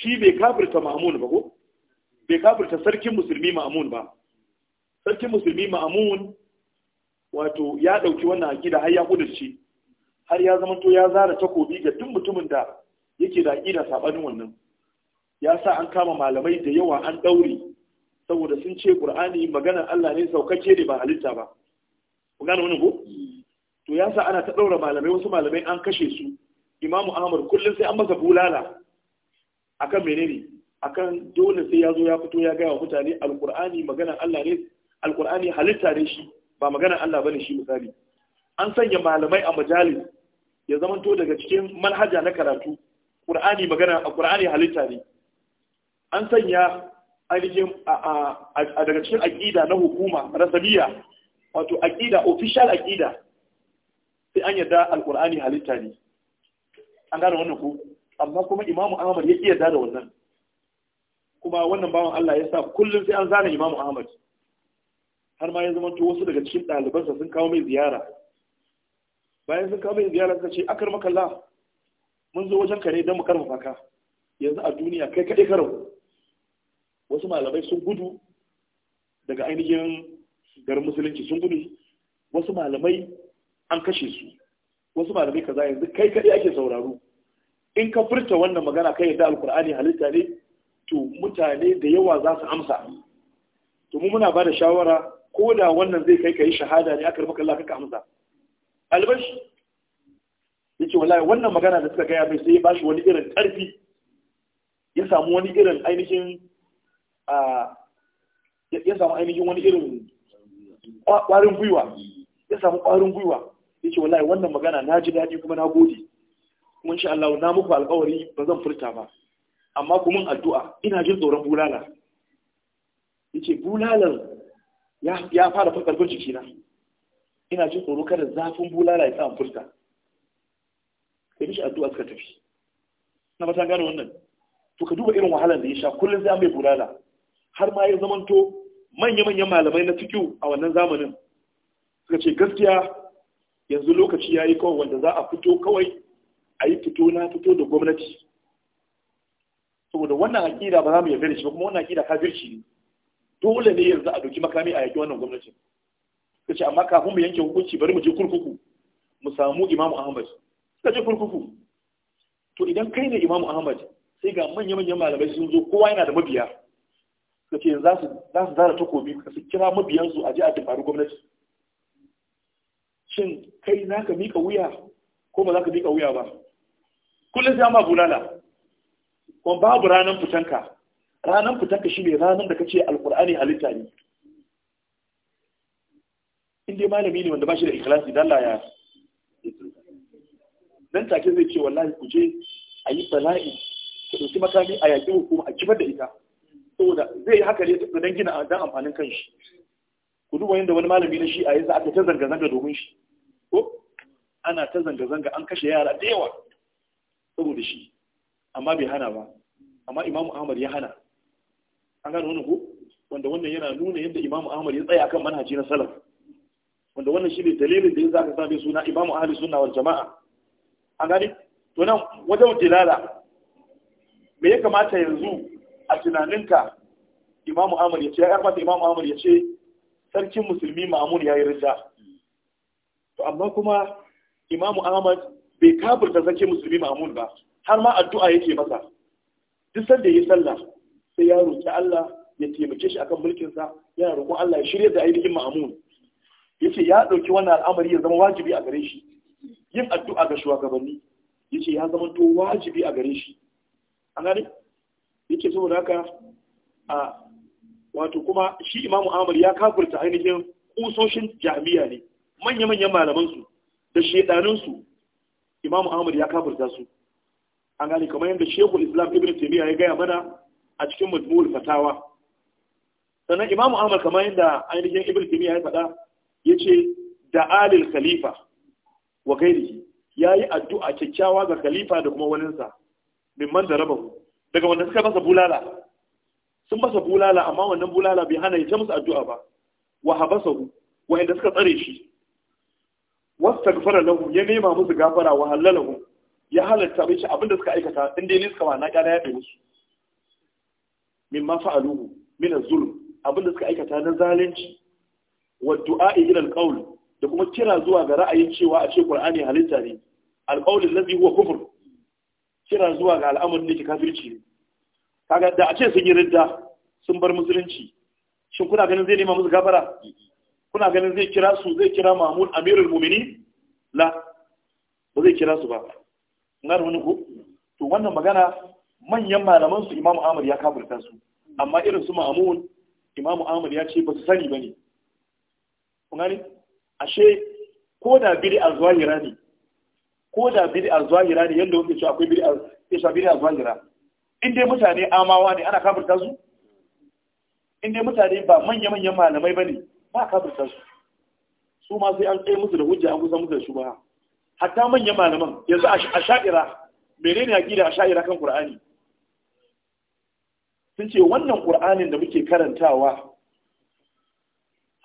shi bai kafirta ma'mun ba ko bai kafirta sarkin musulmi ma'mun ba sarkin musulmi ma'mun wato ya ɗauki wannan aƙida har ya ƙudurce har ya zamanto ya zara takobi ga tun mutumin da yake da aƙida saɓanin wannan ya sa an kama malamai da yawa an ɗaure saboda sun ce ƙur'ani maganar Allah ne saukake ne ba halitta ba ku gane wani ko to ya sa ana ta ɗaura malamai wasu malamai an kashe su imamu ahmad kullum sai an masa bulala akan menene akan dole sai ya zo ya fito ya gaya wa mutane alƙur'ani maganar Allah ne alƙur'ani halitta ne shi ba maganar Allah bane shi misali an sanya malamai a majalis ya to daga cikin manhaja na karatu Qur'ani magana a Qur'ani halitta ne an sanya ainihin a daga cikin aqida na hukuma rasmiya wato aqida official aƙida sai an yarda alƙur'ani halitta ne an gane wannan ku amma kuma imamu ahmad ya iya da wannan kuma wannan bawan allah ya sa kullum sai an zana imamu ahmad har ma ya zama to wasu daga cikin ɗalibansa sun kawo mai ziyara bayan sun kawo mai ziyara suka ce akar makalla mun zo wajen ne don mu karfafa ka yanzu a duniya kai kaɗai karau wasu malamai sun gudu daga ainihin garin musulunci sun gudu wasu malamai an kashe su wasu malamai kaza yanzu kai kaɗai ake sauraro in ka furta wannan magana kai yadda alkur'ani halitta ne to mutane da yawa za su amsa to mu muna ba da shawara ko da wannan zai kai ka yi shahada ne aka rubuka Allah ka amsa albashi yace wallahi wannan magana da suka gaya mai sai ya bashi wani irin karfi ya samu wani irin ainihin a ya samu ainihin wani irin kwarin gwiwa ya samu kwarin gwiwa ya ce wallahi wannan magana na ji daɗi kuma na gode kuma insha Allah na muku alƙawari ba zan furta ba amma kuma addu'a ina jin tsoron bulala ya ce ya fara farfarfar jiki na ina jin tsoro kada zafin bulala ya sa furta sai mishi addu'a suka tafi na ta gane wannan to ka duba irin wahalar da ya sha kullum sai an bai bulala har ma ya zamanto manya-manyan malamai na fikiyu a wannan zamanin suka ce gaskiya yanzu lokaci ya yi kawai wanda za a fito kawai a yi fito na fito da gwamnati saboda wannan aƙida ba za mu yarda da shi ba kuma wannan aƙida kafirci ne dole ne yanzu a doki makami a yaki wannan gwamnatin ce amma kafin mu yanke hukunci bari mu je kurkuku mu samu imamu ahmad suka je kurkuku to idan kai ne imamu ahmad sai ga manya-manyan malamai sun zo kowa yana da mabiya suka ce za su zara takobi ka su kira mabiyansu a je a dabaru gwamnati shin kai na ka miƙa wuya ko ba za ka miƙa wuya ba kullum sai amma bulala kuma babu ranar fitanka ranar fitan shi ne ranar da ka ce alkur'ani halitta ne in dai malami ne wanda ba shi da ikilasi don laya don dan take zai ce wallahi ku je a yi bala'i ta dauki makami a yaƙi hukuma a kibar da ita saboda zai yi haka ne don gina don amfanin kan shi. ku duba yadda wani malami na shi a yanzu aka ta zanga-zanga domin shi ko ana ta zanga-zanga an kashe yara da yawa saboda shi amma bai hana ba amma imamu ahmad ya hana an gano wannan ko wanda wannan yana nuna yadda imamu ahmad ya tsaya akan manhaji na salaf wanda wannan shi ne dalilin da ya zaka mai suna imamu ahli sunna wal jama'a an gane to nan wajen dilala me ya kamata yanzu a tunaninka imamu ahmad ya ce ya kamata imamu ahmad ya ce sarkin musulmi ma'amun ya yi ridda to amma kuma imamu ahmad bai kafirta sarkin musulmi ma'amun ba har ma addu'a yake masa duk sanda yi sallah sai ya roƙi Allah ya taimake shi akan mulkin sa yana roƙon Allah ya shirya da ainihin ma'amun yace ya dauki wannan al'amari ya zama wajibi a gare shi yin addu'a ga shugabanni yace ya zama to wajibi a gare shi an gane yace saboda haka a wato kuma shi imamu amur ya kafurta ainihin kusoshin jami'a ne manya-manyan malamansu da su imamu amur ya kafurta su an gane kamar yadda Sheikhul islam ibn Taymiyyah ya gaya mana a cikin majmu'ul fatawa sannan imam ahmad kamar yadda ainihin ibn timiya ya faɗa ya ce da alil khalifa wa gairihi ya yi addu'a kyakkyawa ga khalifa da kuma waninsa min man da rabahu daga wanda suka masa bulala sun masa bulala amma wannan bulala bai hana ya musu addu'a ba wa habasahu wa inda suka tsare shi wasu tagfara lahu ya nema musu gafara wa hu ya halatta mai shi abinda suka aikata inda dai niska suka na ƙara ya musu Min mimma fa'aluhu min az-zulm da suka aikata na zalunci wa du'a ila al-qawl da kuma kira zuwa ga ra'ayin cewa a ce Qur'ani halitta ne al-qawl allazi huwa kufr kira zuwa ga al'amarin da ke kafirci ne kaga da a ce sun yi ridda sun bar musulunci shin kuna ganin zai nema musu gafara kuna ganin zai kira su zai kira Mahmud Amirul Mu'minin la ba zai kira su ba ngar wani ko to wannan magana manyan malaman su imamu Ahmad ya kafirta su amma irin su ma'amun imamu Ahmad ya ce ba su sani ba ne gani ashe ko da biri a ne ko da biri a ne yadda wuce ce akwai biri a zuwahira in dai mutane amawa ne ana kafirta su in dai mutane ba manya-manyan malamai ba ne ba kafirta su su ma sai an tsaye musu da hujja an kusa musu da shubaha hatta manyan malaman yanzu a sha'ira menene aqida a sha'ira kan qur'ani sun ce wannan ƙur'anin da muke karantawa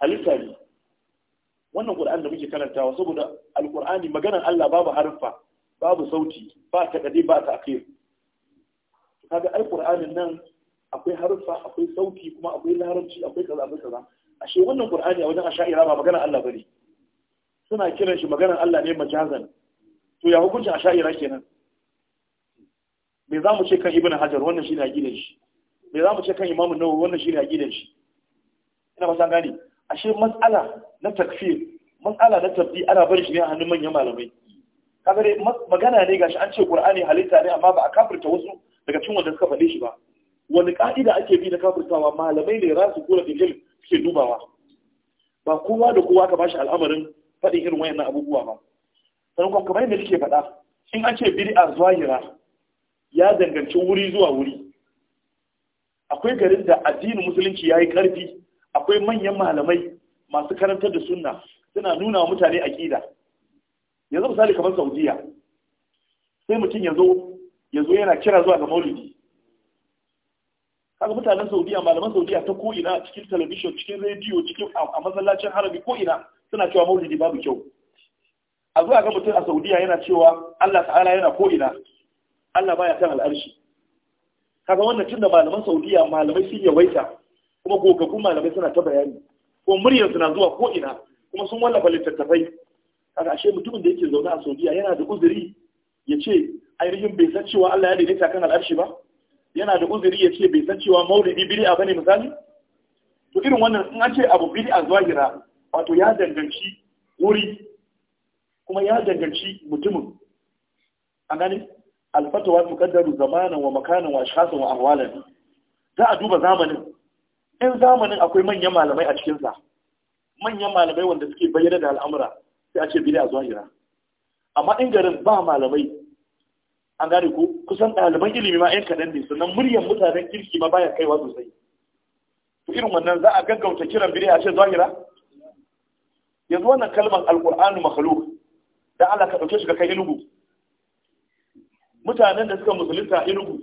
halitta ne wannan ƙur'anin da muke karantawa saboda alƙur'ani maganar Allah babu harfa babu sauti ba ta kade ba ta akai kaga alƙur'anin nan akwai harfa akwai sauti kuma akwai larabci akwai kaza akwai kaza ashe wannan ƙur'ani a wajen asha'ira ba maganar Allah bane suna kiran shi maganar Allah ne majazan to ya hukunci asha'ira kenan me za mu ce kan ibnu hajar wannan shi ne a shi me za mu ce kan imamu nawawi wannan shi ne a gidan shi ina ba san gani ashe mas'ala na takfir mas'ala na tabbi ana bari shi ne a hannun manyan malamai kaga dai magana ne gashi an ce qur'ani halitta ne amma ba a kafirta wasu daga cikin wanda suka faɗe shi ba wani ka'ida ake bi na kafirtawa malamai ne rasu kula da ilm suke dubawa ba kowa da kowa ka bashi al'amarin faɗin irin wayannan abubuwa ba sannan kuma kamar yadda nake faɗa in an ce bid'a zahira ya danganci wuri zuwa wuri akwai garin da addinin musulunci ya yi ƙarfi akwai manyan malamai masu karantar da sunna suna nuna wa mutane aƙida yanzu misali kamar saudiya sai mutum ya zo yana kira zuwa ga maulidi kaga mutanen saudiya malaman saudiya ta ko'ina cikin talabishin cikin rediyo cikin a masallacin harabi ko'ina suna cewa maulidi babu kyau a zuwa ga mutum a saudiya yana cewa allah ta'ala yana ko'ina allah baya kan al'arshi kaga wannan tunda malaman saudiya malamai sun yawaita kuma gogaggun malamai suna ta bayani ko muryar suna zuwa ko ina kuma sun wallafa littattafai kaga ashe mutumin da yake zaune a saudiya yana da uzuri ya ce ainihin bai san cewa Allah ya ta kan al'arshi ba yana da uzuri ya ce bai san cewa maulidi bid'a bane misali to irin wannan in an ce abu bid'a zahira wato ya danganci wuri kuma ya danganci mutumin an gane alfatawa kaddaru zamanin wa makanin wa shasin wa ahwalan za a duba zamanin in zamanin akwai manyan malamai a cikinsa manyan malamai wanda suke bayyana da al'amura sai a ce bida a zuwa zahira amma in garin ba malamai an gane ko kusan ɗaliban ilimi ma yan kaɗan ne sannan muryar mutanen kirki ma baya kaiwa sosai to irin wannan za a gaggauta kiran bida a ce zahira yanzu wannan kalmar alƙur'anu makhluk da Allah ka ɗauke shi ga kai ilugu mutanen da suka musulunta inugu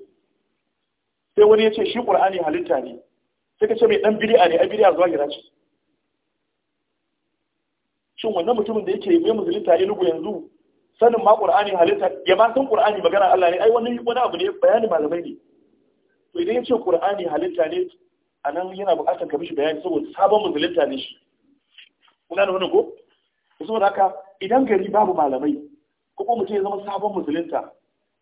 sai wani ya ce shi ƙur'ani halitta ne sai ka ce mai ɗan a ne ai a zuwa gira ce shin wannan mutumin da yake mai musulunta inugu yanzu sanin ma ƙur'ani halitta ya ma san ƙur'ani magana Allah ne ai wani wani abu ne bayani malamai ne to idan ya ce ƙur'ani halitta ne a nan yana buƙatar ka mishi bayani saboda sabon musulunta ne shi kuna da wani ko saboda haka idan gari babu malamai ko kuma mutum ya zama sabon musulunta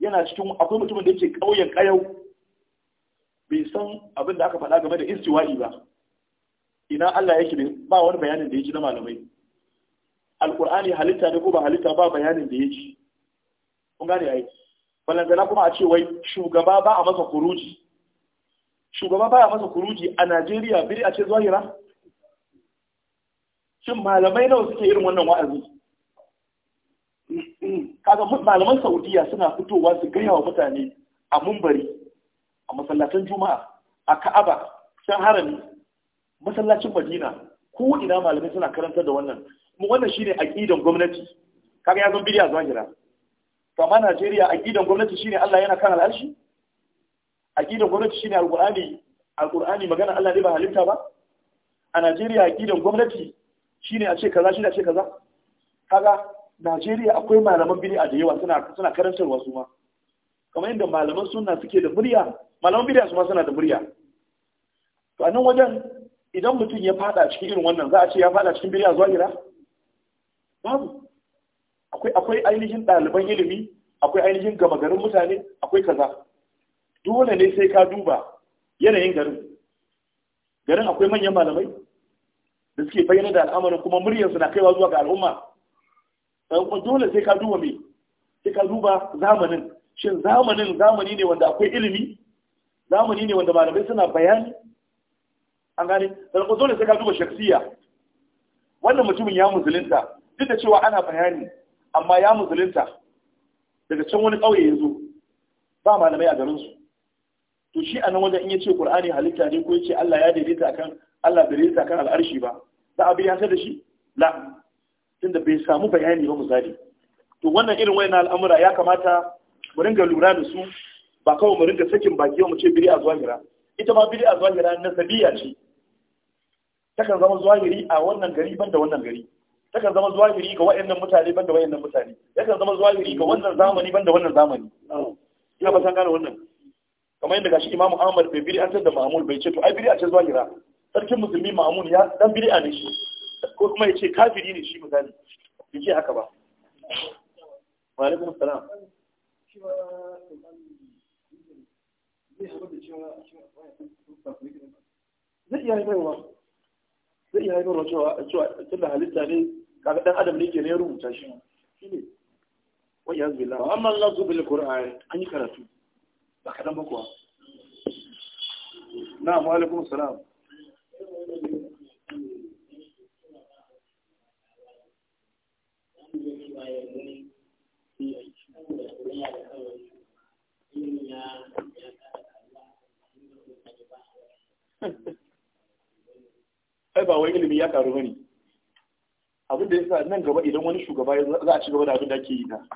yana cikin akwai mutumin da yake ƙauyen ƙayau bai san abin da aka faɗa game da istiwa'i ba ina Allah yake ba wani bayanin da ya ji na malamai Alƙur'ani halitta ne ko ba halitta ba bayanin da ya ji kun gane ai balantana kuma a ce wai shugaba ba a masa kuruji shugaba ba a masa kuruji a Najeriya biri a ce zahira shin malamai nawa suke irin wannan wa'azi kaga malaman saudiya suna fitowa su gaya wa mutane a mumbari a masallatan juma'a a ka'aba san harami masallacin madina ko ina malamai suna karanta da wannan mu wannan shine aqidan gwamnati kaga ya zo bidiya zahira to amma Najeriya aqidan gwamnati shine Allah yana kan al'arshi aqidan gwamnati shine alqur'ani alqur'ani magana Allah ne ba halitta ba a Najeriya aqidan gwamnati shine a ce kaza shine a ce kaza kaga Najeriya akwai malaman bid'a da yawa suna suna karantarwa su ma kamar inda malaman sunna suke da murya malaman bid'a su ma suna da murya to a nan wajen idan mutum ya fada cikin irin wannan za a ce ya fada cikin bid'a zuwa gira babu akwai akwai ainihin ɗaliban ilimi akwai ainihin gama garin mutane akwai kaza dole ne sai ka duba yanayin garin garin akwai manyan malamai da suke bayyana da al'amarin kuma muryarsu na kaiwa zuwa ga al'umma Eh, dole sai ka duba me sai ka duba zamanin shin zamanin zamani ne wanda akwai ilimi zamani ne wanda malamai suna bayani an gane eh, ko dole sai ka duba shaksiya wannan mutumin ya musulunta duk da cewa ana bayani amma ya musulunta daga can wani ƙauye ya zo ba malamai a garin su to shi a nan wajen in ya ce qur'ani halitta ne ko ya ce Allah ya daidaita kan Allah bai daidaita kan al'arshi ba za a bi hasar da shi la tunda bai samu bayani ba misali to wannan irin wayan al'amura ya kamata mu ringa lura da su ba kawai mu ringa sakin baki mu ce bid'a zahira ita ma bid'a zahira sabiya ce takan zama zahiri a wannan gari ban da wannan gari takan zama zahiri ga wayannan mutane ban da wayannan mutane Takan zama zahiri ga wannan zamani ban da wannan zamani ina ba san gane wannan kamar yadda gashi Imam Ahmad bai ta da Ma'mun bai ce to ai bid'a ce zahira sarkin musulmi Ma'mun ya dan bid'a ne shi ko kuma ya ce kafiri ne shi misali ya ce haka ba walaikun salam zai iya haifarwa zai iya haifarwa cewa tun da halitta ne kaga dan adam ne ke ne rubuta shi wani wai yanzu wa amma Allah zu bil qur'an an yi karatu ba kadan bakuwa na wa salam ai ba wai ilimi ya karu bane abin da sa nan gaba idan wani shugaba za a ci gaba da abin da ake yi na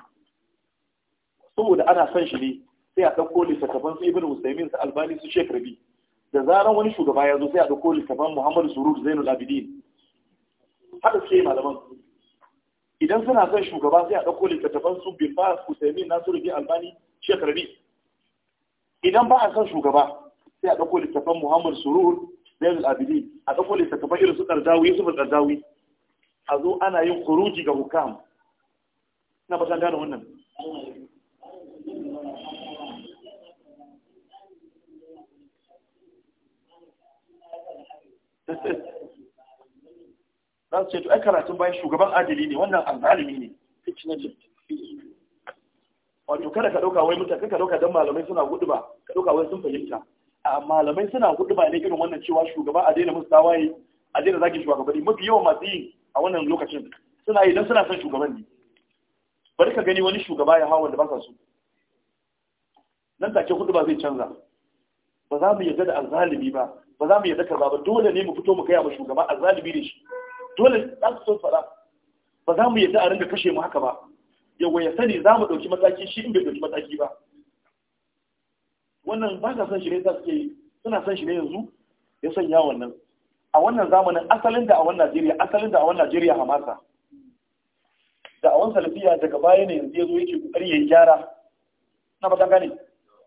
saboda ana son shi ne sai a ɗauko littattafan su ibn usaimin su albani su shekar bi da zaran wani shugaba ya zo sai a ɗauko littattafan muhammadu surur zainul abidin haka suke malaman idan suna son shugaba sai a ɗauko littattafan su bin ba su sami nasu rubi albani bi idan ba a son shugaba sai a ɗauko littattafan muhammad surur zai al-abidi a ɗauko littattafan irin su su yusuf ƙardawi a zo ana yin kuruji ga hukam na ba gane wannan Thank <laughs> you. za su ce to ai karatun bayan shugaban adali ne wannan al'alimi ne wato kada ka dauka wai mutaka ka dauka dan malamai suna gudu ba ka dauka wai sun fahimta a malamai suna gudu ba ne irin wannan cewa shugaba a daina musu tawaye a daina zaki shugabanni mafi yawan masu yi a wannan lokacin suna yi don suna son shugaban ne bari ka gani wani shugaba ya hawa da ba sa so nan take hudu ba zai canza ba za mu yarda da alzalimi ba ba za mu yarda ka ba dole ne mu fito mu kai wa shugaba alzalimi ne shi dole za su sun faɗa ba za mu yi ta a ringa kashe mu haka ba yawa ya sani za mu ɗauki mataki shi in bai ɗauki mataki ba wannan ba sa son shi ne za su yi suna son shi ne yanzu ya sanya wannan a wannan zamanin asalin da a wannan Najeriya asalin da a wannan Najeriya Hamasa da a wannan salafiya daga baya ne yanzu ya zo yake kokari ya gyara na ba gane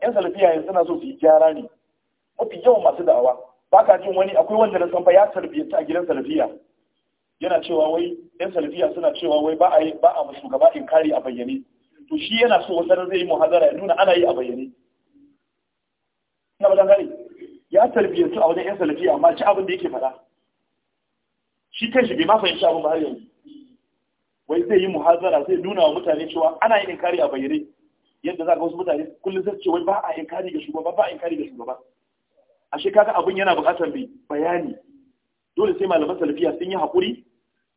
yan salafiya yanzu suna so su yi gyara ne mafi yawan masu da'awa ba ka jin wani akwai wanda na san fa ya tarbiyyanci a gidan salafiya yana cewa wai yan salafiya suna cewa wai ba a yi ba a musu gaba in kare a bayyane to shi yana so wasan zai yi muhazara ya nuna ana yi a bayyane ina ba su ya a wajen yan salafiya amma ci abin da yake faɗa shi kan shi bai ma fahimci abin ba har yanzu wai zai yi muhazara zai nuna wa mutane cewa ana yin kare a bayyane yadda za ga wasu mutane kullum sai ce wai ba a kare ga shugaba ba a kare ga shugaba ashe kaga abin yana buƙatar bayani dole sai malaman salafiya sun yi haƙuri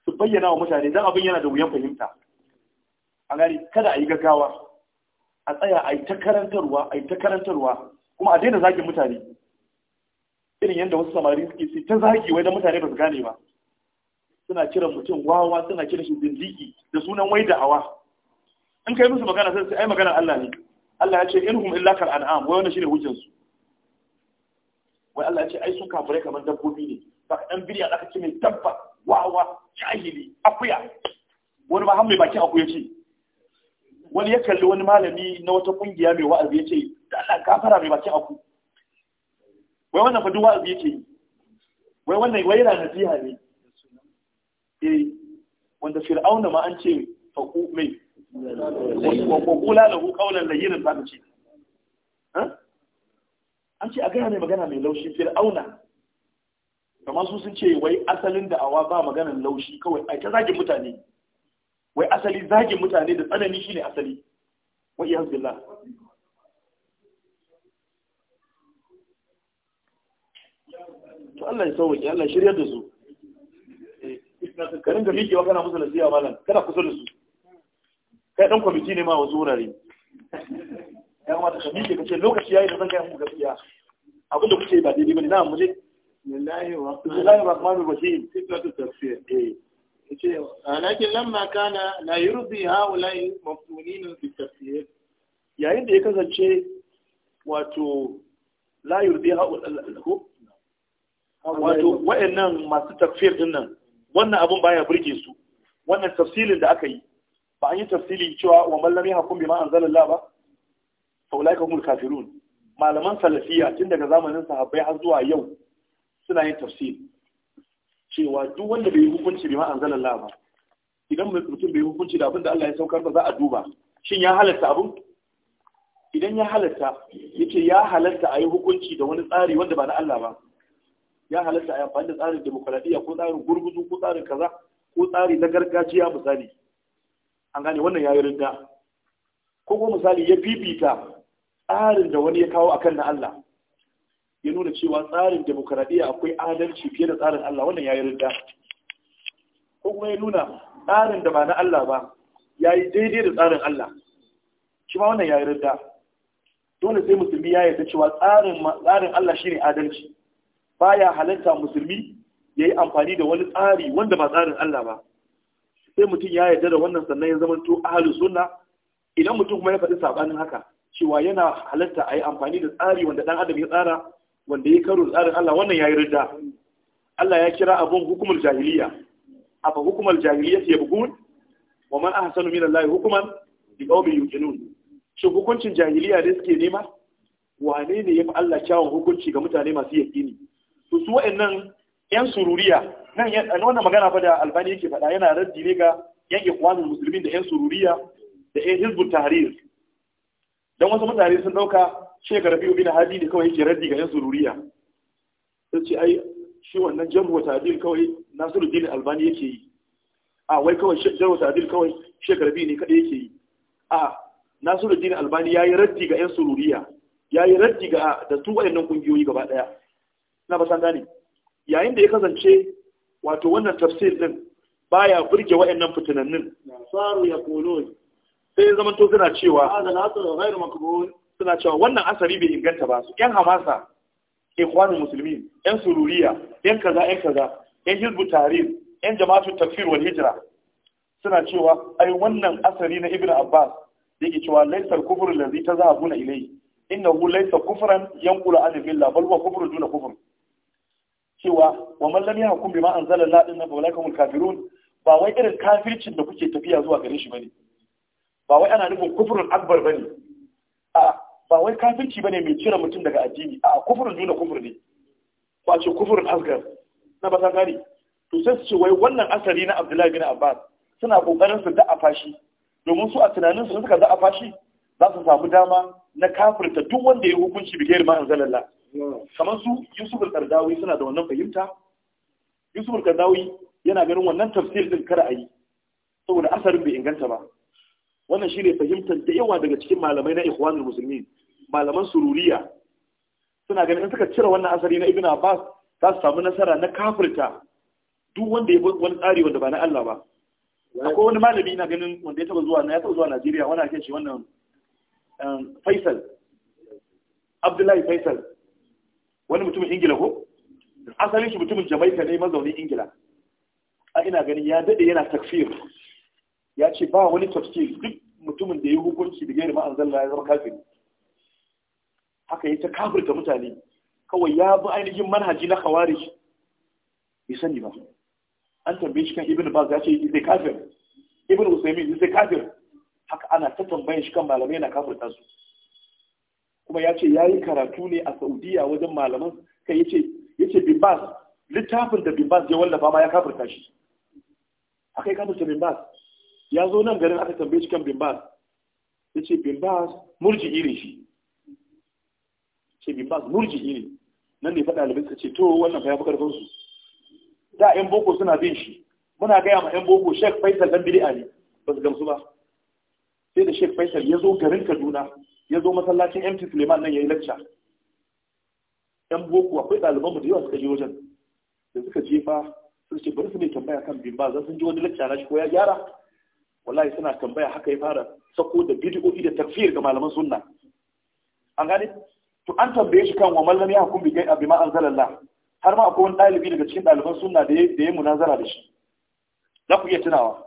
su bayyana wa mutane don abin yana da wuyan fahimta a gani kada a yi gaggawa a tsaya a yi ta karantarwa a yi ta karantarwa kuma a daina zagin mutane irin yadda wasu samari suke sai ta zagi wai da mutane ba su gane ba suna kiran mutum wawa suna kiran shi zindiki da sunan wai da'awa in kai musu magana sai ai magana Allah ne Allah ya ce inhum illa kal an'am wai wannan shine hujjar su wai Allah ya ce ai sun kafirai kamar dabbobi ne baka dan ɗan biriya za ce mai dabba wawa jahili akuya wani ba mai baki akuya ce wani ya kalli wani malami na wata kungiya mai wa'azi ya ce da Allah gafara mai baki aku wai wannan fa duk wa'azi yake ce? wai wannan wai yana nasiha ne eh wanda fir'auna ma an ce ku mai Ko kula lahu qawlan layyinan ba ce an ce a gaya mai magana mai laushi fir'auna kamar su sun ce wai asalin da awa ba maganan laushi kawai a ta zagin mutane wai asali zagin mutane da tsanani shine asali wai ya zilla to Allah ya sauke Allah shirya da su karin da wa kana musu nasiya malam kana kusa da su kai dan kwamiti ne ma wasu wurare ya kamata ka miƙe ka ce lokaci yayi da zan kai muku gaskiya abinda kuke ba daidai bane na mu bismillahir rahmanir rahim sifatu tafsir eh yace lakin lamma kana la yurdi haula'i maftunin fi tafsir yayin da ya kasance wato la yurdi haula'i wato wa'annan masu tafsir din nan wannan abun baya burge su wannan tafsilin da aka yi ba an yi tafsilin cewa wa mallami hakun bima anzalallah ba fa ulaika humul kafirun malaman salafiya tun daga zamanin sahabbai har zuwa yau suna yin tafsiri cewa duk wanda bai yi hukunci bima anzalallah ba idan mutum bai yi hukunci da abin da Allah ya saukar ba za a duba shin ya halatta abu? idan ya halatta yace ya halatta a yi hukunci da wani tsari wanda ba na Allah ba ya halatta a yi amfani da tsarin demokradiyya ko tsarin gurguzu ko tsarin kaza ko tsari na gargajiya misali an gane wannan ya yi rinda ko kuma misali ya fifita tsarin da wani ya kawo akan na Allah ya nuna cewa tsarin demokradiyya akwai adalci fiye da tsarin Allah wannan yi rinda. ko kuma ya nuna tsarin da ba na Allah ba ya yi daidai da tsarin Allah shi ma wannan yi rinda. dole sai musulmi ya yarda cewa tsarin Allah shi ne adalci baya halatta musulmi ya yi amfani da wani tsari wanda ba tsarin Allah ba sai mutum ya yarda da wannan sannan ya zama to ahlus sunna idan mutum kuma ya faɗi saɓanin haka cewa yana halatta a yi amfani da tsari wanda ɗan adam ya tsara wanda ya karo tsarin Allah wannan ya yi ridda Allah ya kira abun hukumar jahiliya afa hukumar jahiliya ya bugun wa man ahsanu min Allah hukuman bi qaumin yuqinun shi hukuncin jahiliya ne suke nema wane ne fi Allah kyawun hukunci ga mutane masu yaqini to su wa'annan yan sururiya nan wannan magana fa da albani yake faɗa yana raddi ne ga yan ikwanul musulmin da yan sururiya da yan hizbut tahrir dan wasu mutane sun ɗauka. shi biyu, bin hadi ne kawai yake raddi ga yan sururiya sai ce ai shi wannan jamu wa ta'dil kawai Nasiruddin Albani yake yi a wai kawai jamu wa ta'dil kawai shi biyu ne kada yake yi a Nasiruddin Albani yayi raddi ga yan sururiya yayi raddi ga da su wayannan kungiyoyi gaba daya na ba san gane yayin da ya kasance wato wannan tafsir din baya burge wayannan fitinannin saru ya kolon sai zaman to suna cewa hada nasr ghairu maqbul suna cewa wannan asari bai inganta ba su yan hamasa ikhwanul musulmi yan sururiya yan kaza yan kaza yan hizbu tahrir yan jama'atu takfir wal hijra suna cewa ai wannan asari na ibnu abbas yake cewa laysal kufru allazi tazahabuna ilayhi innahu laysa kufran yanqulu an billah bal huwa kufru duna kufr cewa wa man lam yahkum bima anzala Allah dinna bawa kafirun ba wai irin kafircin da kuke tafiya zuwa gare shi bane ba wai ana nufin kufrun akbar bane A'a. ba wai kafinci bane mai cire mutum daga addini a kufurin nuna kufur ne ba ce kufurin asgar na ba gari to sai su ce wai wannan asari na abdullahi bin abbas suna kokarin su da'a fashi. domin su a tunanin su suka da'a fashi, za su samu dama na kafirta duk wanda ya hukunci bi gairi ma'an zalalla kamar su yusuf al suna da wannan fahimta yusuf al-qardawi yana ganin wannan tafsir din kar a yi saboda asarin bai inganta ba wannan shine fahimtar da yawa daga cikin malamai na ikhwanul muslimin malaman sururiya suna ganin in suka cire wannan asali na ibn abbas za su samu nasara na kafirta duk wanda ya wani tsari wanda ba na Allah ba akwai wani malami ina ganin wanda ya taba zuwa na ya taba zuwa Najeriya wani ake shi wannan um, Faisal Abdullahi Faisal wani mutumin Ingila ko asalin shi mutumin Jamaica ne mazaunin Ingila a ina ganin ya dade yana takfir ya ce ba wani tafsir duk mutumin da ya hukunci da ma'an zalla ya zama kafiri haka ya ta kafirta mutane kawai ya bi ainihin manhaji na kawari bai sani ba an tambaye shi kan ibn ba ya ce zai kafir ibn usaimin zai kafir haka ana ta tambayin shi kan malamai na kafirta su kuma ya ce ya yi karatu ne a saudiya wajen malaman kai ya ce bin baz littafin da bin baz ya wallafa ma ya kafirta shi haka ya kafirta bin baz ya zo nan garin aka tambaye shi kan bimbas ya ce bimbas murji irin shi ce bimbas murji irin nan ne faɗa alibinsa ce to wannan fa ya fi karfin su da yan boko suna bin shi muna gaya ma yan boko shek faisal dan bidi'a ne ba su gamsu ba sai da shek faisal ya zo garin kaduna ya zo masallacin mt suleiman nan ya yi lacca yan boko akwai ɗaliban mu da yawa suka je wajen da suka jefa sun ce bari su mai tambaya kan bimbas zan sun ji wani lacca na shi ko ya gyara wallahi suna tambaya haka ya fara sako da bid'o'i da takfir ga malaman sunna an gane to an tambaye shi kan wa mallam ya hukum bi kai abima anzalallah har ma akwai wani dalibi daga cikin daliban sunna da da yayi munazara da shi za ku iya tunawa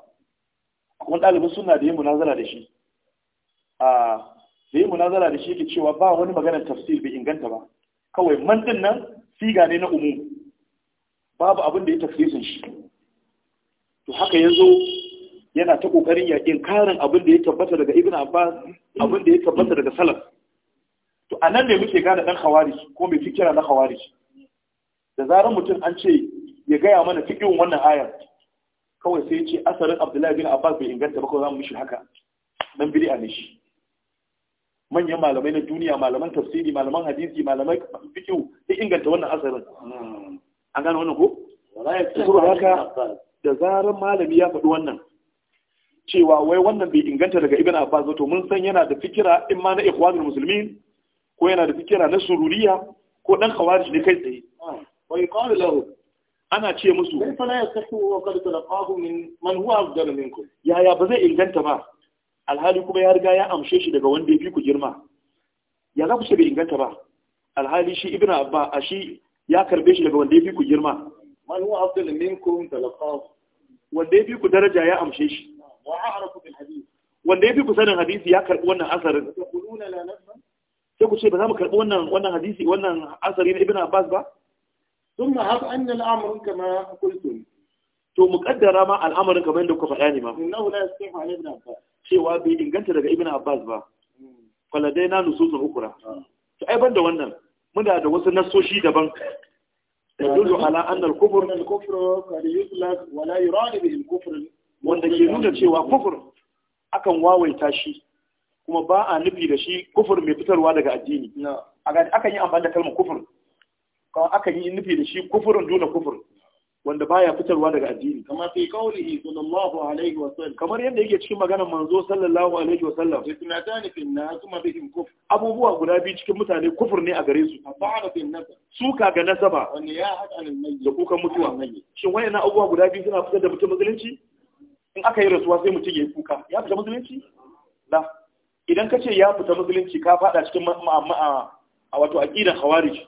akwai wani dalibin sunna da ya munazara da shi a da ya munazara da shi yake cewa ba wani maganar tafsir bai inganta ba kawai man din nan siga ne na umu babu abin da ya tafsirin shi to haka zo? yana ta kokarin ya inkarin abin da ya tabbata daga ibn abbas abin da ya tabbata daga salaf to anan ne muke gane dan khawarij ko mai fikira na khawarij da zarar mutum an ce ya gaya mana fikirin wannan ayar kawai sai ya ce asarin abdullahi bin abbas bai inganta ba ko zamu mishi haka dan bid'a ne shi manyan malamai na duniya malaman tafsiri malaman hadisi malamai fikihu sai inganta wannan asarin an gane wannan ko wala ya haka da zarar malami ya faɗi wannan cewa wai wannan bai inganta daga ibn abbas to mun san yana da fikira in ma na ikhwanul muslimin ko yana da fikira na sururiya ko dan khawarij ne kai tsaye wa yuqalu lahu ana ce musu kai fa la yasahu wa qad talaqahu min man huwa afdal minkum ya ya ba zai inganta ba alhali kuma ya riga ya amshe shi daga wanda ya fi ku girma ya za ku ce bai inganta ba alhali shi ibn abba a shi ya karbe shi daga wanda ya fi ku girma man huwa afdal minkum talaqahu wanda ya fi ku daraja ya amshe shi wa a'rafu wanda yafi ku sanin hadisi ya karbi wannan asarin sai ku ce ba za mu karbi wannan wannan hadisi wannan asari na ibn abbas ba ثم هب أن الأمر كما قلتم to muƙaddara ma al'amarin kamar yadda kuka faɗa ne ma innahu la yasihu an ibn abbas cewa bai inganta daga ibn abbas ba hmm. faladai na nususun ukura ah. to ai banda wannan muna da wasu nasoshi daban da dole ala anna al-kufr al-kufr qad yutlaq wa la yurad bihi al-kufr wanda ke nuna cewa kufur akan wawaita shi kuma ba a nufi da shi kufur mai fitarwa daga addini akan yi amfani da kalmar kufur kuma akan yi nufi da shi kufurin duna kufur wanda baya fitarwa daga addini kamar fi qawlihi sallallahu alaihi wa sallam kamar yadda yake cikin maganar manzo sallallahu alaihi wa sallam fitnatan fi an-nas kuma bihim kufr abubuwa guda biyu cikin mutane kufur ne a gare su ta'ara fi an suka ga nasaba wani ya hada al-mayyit da kukan mutuwa shin wayannan abubuwa guda biyu suna fitar da mutum musulunci in aka yi rasuwa sai mutum ya yi kuka ya fita musulunci da idan ka ce ya fita musulunci ka fada cikin a wato aqidan khawarij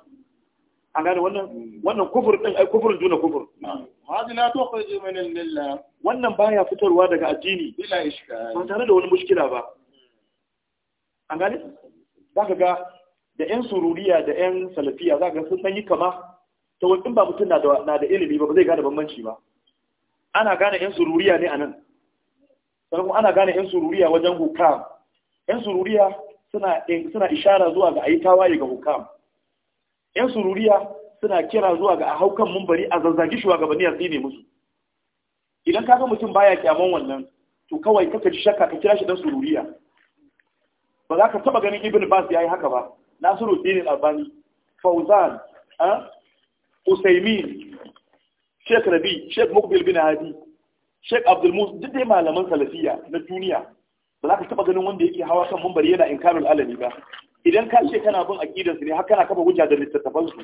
an gane wannan hmm. wannan kufur din ai kufur duna kufur hadi la tuqridu min al wannan baya fitarwa daga addini bila ishkal ba tare da wani mushkila ba an gane zaka ga da yan sururiya da yan salafiya zaka ga sun yi kama ta wani ba mutum na da ilimi ba ba zai gane bambanci ba ana gane yan sururiya ne a sannan kuma ana gane yan sururiya wajen hukam yan sururiya suna ishara zuwa ga ayi tawaye ga hukam yan sururiya suna kira zuwa ga a haukan mumbari a zazzagi shugabanni a tsine musu idan ka ga mutum baya kyaman wannan to kawai kaka ji shakka ka kira shi dan sururiya ba za ka taba ganin ibn bas yayi haka ba nasiru dinin albani fauzan ah, usaimin Sheikh Rabi, Sheikh Mukbil bin Hadi, Sheikh Abdul Musa, duk dai malaman salafiya na duniya ba za ka taba ganin wanda yake hawa kan mambari yana inkarul alami ba. Idan ka ce kana bin aqidar su ne har kana kafa hujja da littattafan su.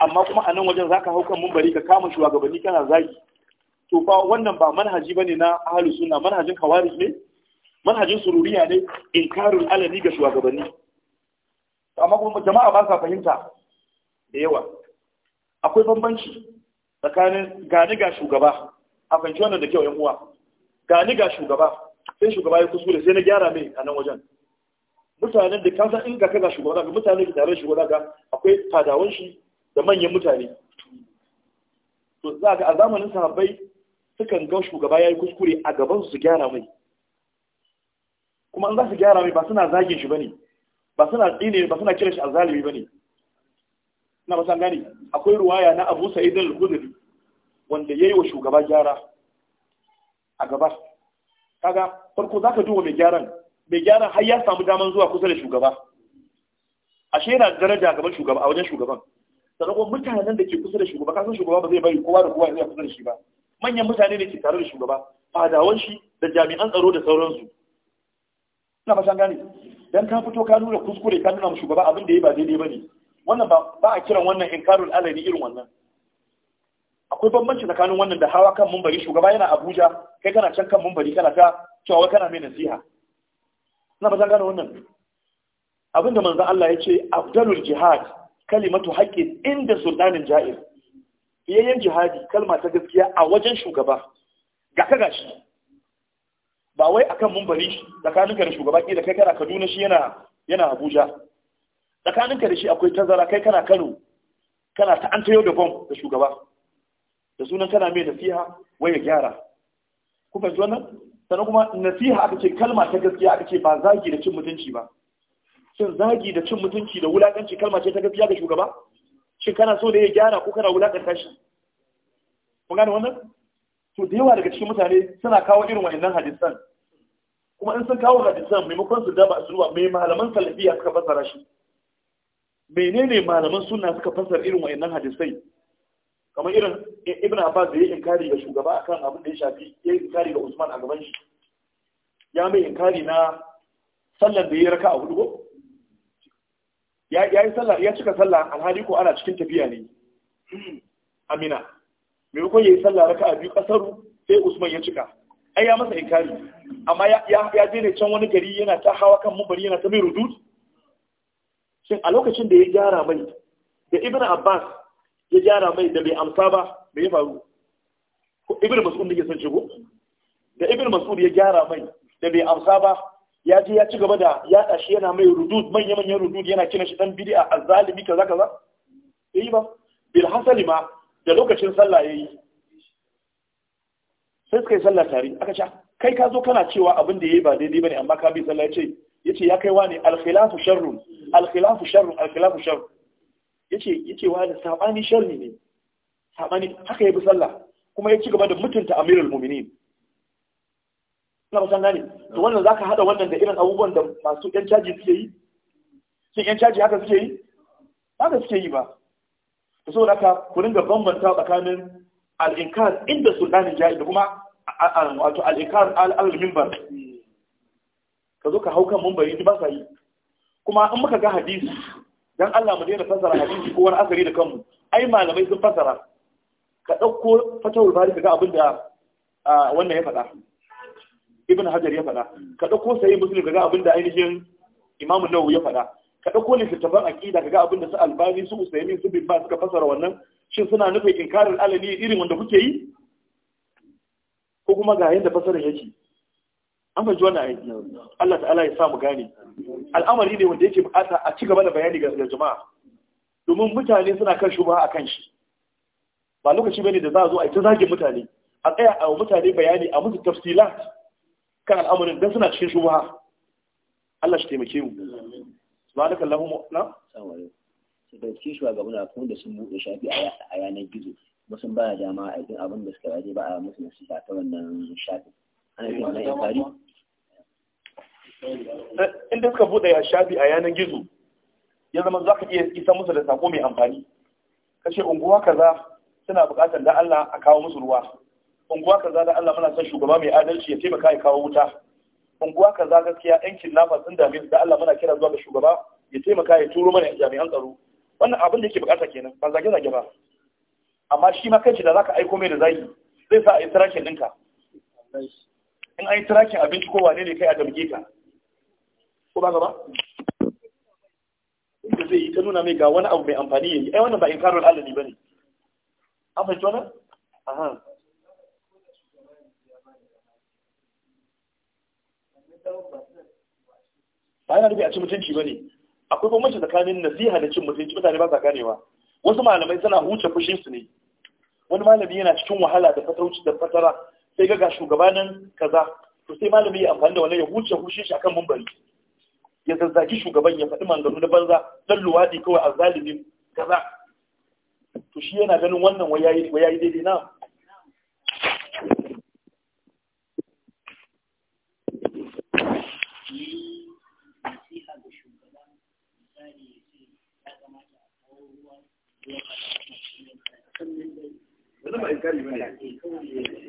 Amma kuma a nan wajen zaka hau kan mambari ka kama shugabanni kana zagi. To fa wannan ba manhaji bane na ahlus sunna, manhajin khawarij ne, manhajin sururiya ne, inkarul alami ga shugabanni. Amma kuma jama'a ba sa fahimta da yawa. Akwai bambanci tsakanin gani ga shugaba a fahimci wannan da kyau yan uwa gani ga shugaba sai shugaba ya kuskure sai na gyara mai a nan wajen mutanen da kasan in ga kaga shugaba ga mutane da tare shugaba ga akwai fadawan shi da manyan mutane to za ga a zamanin sahabbai sukan ga shugaba yayi kuskure a gaban su gyara mai kuma an za su gyara mai ba suna zage shi bane ba suna tsine ba suna kiran shi azalimi bane na ba san gani akwai ruwaya na Abu Sa'id al-Khudri wanda ya yi wa shugaba gyara a gaba kaga farko za ka duba mai gyaran mai gyaran har ya samu daman zuwa kusa da shugaba ashe yana daraja gaban shugaba a wajen shugaban sannan kuma mutanen da ke kusa da shugaba kasan shugaba ba zai bari kowa da kowa ya kusa da shi ba manyan mutane ne ke tare da shugaba fadawan shi da jami'an tsaro da sauransu ina ba san gane dan ka fito ka nuna kuskure ka nuna shugaba abin da ya ba daidai ba ne. wannan ba ba a kiran wannan inkarul alani irin wannan akwai bambanci tsakanin wannan da hawa kan mumbari shugaba yana abuja kai kana can kan mumbari kana ta cewa kana mai nasiha ina ba gano gane wannan abinda manzo Allah ya ce afdalul jihad kalimatu haqqin inda sultanin ja'ir yayin jihadi kalma ta gaskiya a wajen shugaba ga ka gashi ba wai akan mumbari tsakaninka da shugaba ke da kai kana Kaduna shi yana yana Abuja tsakaninka da shi akwai tazara kai kana Kano kana ta antayo da bom da shugaba da sunan kana mai nasiha wai ya gyara ku fahimci wannan sannan kuma nasiha aka ce kalma ta gaskiya aka ce ba zagi da cin mutunci ba shin zagi da cin mutunci da wulakanci kalma ce ta gaskiya ga shugaba shin kana so da ya gyara ko kana wulakanta shi kun gane wannan to da yawa daga cikin mutane suna kawo irin wa'annan hadisan kuma in sun kawo hadisan maimakon su daba su ruwa mai malaman salafiya suka fassara shi menene malaman sunna suka fassara irin wa'annan hadisai kamar irin ibn abbas da ya inkari ga shugaba kan abin da ya shafi ya yi inkari ga usman a gaban shi ya mai inkari na sallan da ya raka a hudu ya yi ya cika sallar alhali ko ana cikin tafiya ne amina maimakon ya yi sallar raka a biyu kasaru sai usman ya cika ai ya masa inkari amma ya je ne can wani gari yana ta hawa kan mubari yana ta mai rudud shin a lokacin da ya gyara mai da ibn abbas ya gyara mai da bai amsa ba Mai ya faru ibn mas'ud yake son shigo da ibn mas'ud ya gyara mai da bai amsa ba ya je ya ci gaba da ya tashi yana mai rudud manya manyan rudud yana kina shi dan bid'a azzalimi kaza kaza yi ba bil hasali ma da lokacin sallah yayi sai suka yi sallah tare aka ce kai ka zo kana cewa abin da yayi ba daidai bane amma ka bi sallah yace yace ya kai wani al khilafu sharrun al khilafu sharrun al khilafu sharrun yace yace wa da sabani sharri ne sabani haka yabi sallah kuma ya ci gaba da mutunta amirul mu'minin ina ba san gane to wannan zaka hada wannan da irin abubuwan da masu yan caji suke yi sun yan caji haka suke yi haka suke yi ba to saboda haka ku ringa bambanta tsakanin al-inkar inda sultanin ja'i da kuma wato al-inkar al-minbar ka zo ka hau kan mumbari ba sa yi kuma in muka ga hadisi dan Allah mu daina fasara hadisi ko wani asari da kanmu ai malamai sun fasara. ka ɗauko fatawul bari ka ga abin da wannan ya faɗa ibn hajar ya faɗa ka ɗauko sahih muslim ka ga abin da ainihin imam nawawi ya faɗa ka ɗauko littattafan aqida ka ga abin da su albani su usaimin su bin ba suka fasara wannan shin suna nufin inkarin alani irin wanda kuke yi ko kuma ga yadda fasara yake an fahimci wannan ayi Allah ta'ala ya sa mu gane al'amari ne wanda yake bukata a ci gaba da bayani ga jama'a domin mutane suna kan shuba a kan shi ba lokaci bane da za a zo a yi ta zagin mutane a tsaya a mutane bayani a musu tafsila kan al'amarin don suna cikin shuba Allah shi taimake mu subhanaka allahumma na su dauki shugabannin akwai da sun buɗe shafi a yanar gizo musun ba dama a abin da suka rage ba a musu shafi ta wannan shafi. ana yin wannan yankari inda suka buɗe a shafi a yanar gizo ya zama za ka iya isa musu da sako mai amfani kashe unguwa kaza suna buƙatar da Allah a kawo musu ruwa unguwa kaza da Allah muna son shugaba mai adalci ya taimaka ya kawo wuta unguwa kaza gaskiya yan kidnapper sun dame da Allah muna kira zuwa ga shugaba ya taimaka ya turo mana jami'an tsaro wannan abin da yake bukata kenan ba zage zage ba amma shi ma kanshi da zaka aiko mai da zagi zai sa a yi tirakin ɗinka in an yi tirakin abinci ko wane ne kai a damge ka ko ba gaba inda zai yi ta nuna mai ga wani abu mai amfani yayi ai wannan ba inkarul alani bane an fahimci wannan aha ba yana rubi a ci mutunci bane akwai bambanci tsakanin nasiha da cin mutunci mutane ba sa ganewa wasu malamai suna huce fushinsu ne wani malami yana cikin wahala da fatauci da fatara sai ga shugabanin kaza to sai malami ya amfani da wannan ya huce hushin shi akan mumbari ya zazzaki shugaban ya faɗi manganu na banza dan luwaɗi kawai a zalimin kaza to shi yana ganin wannan waya yi daidai na Wani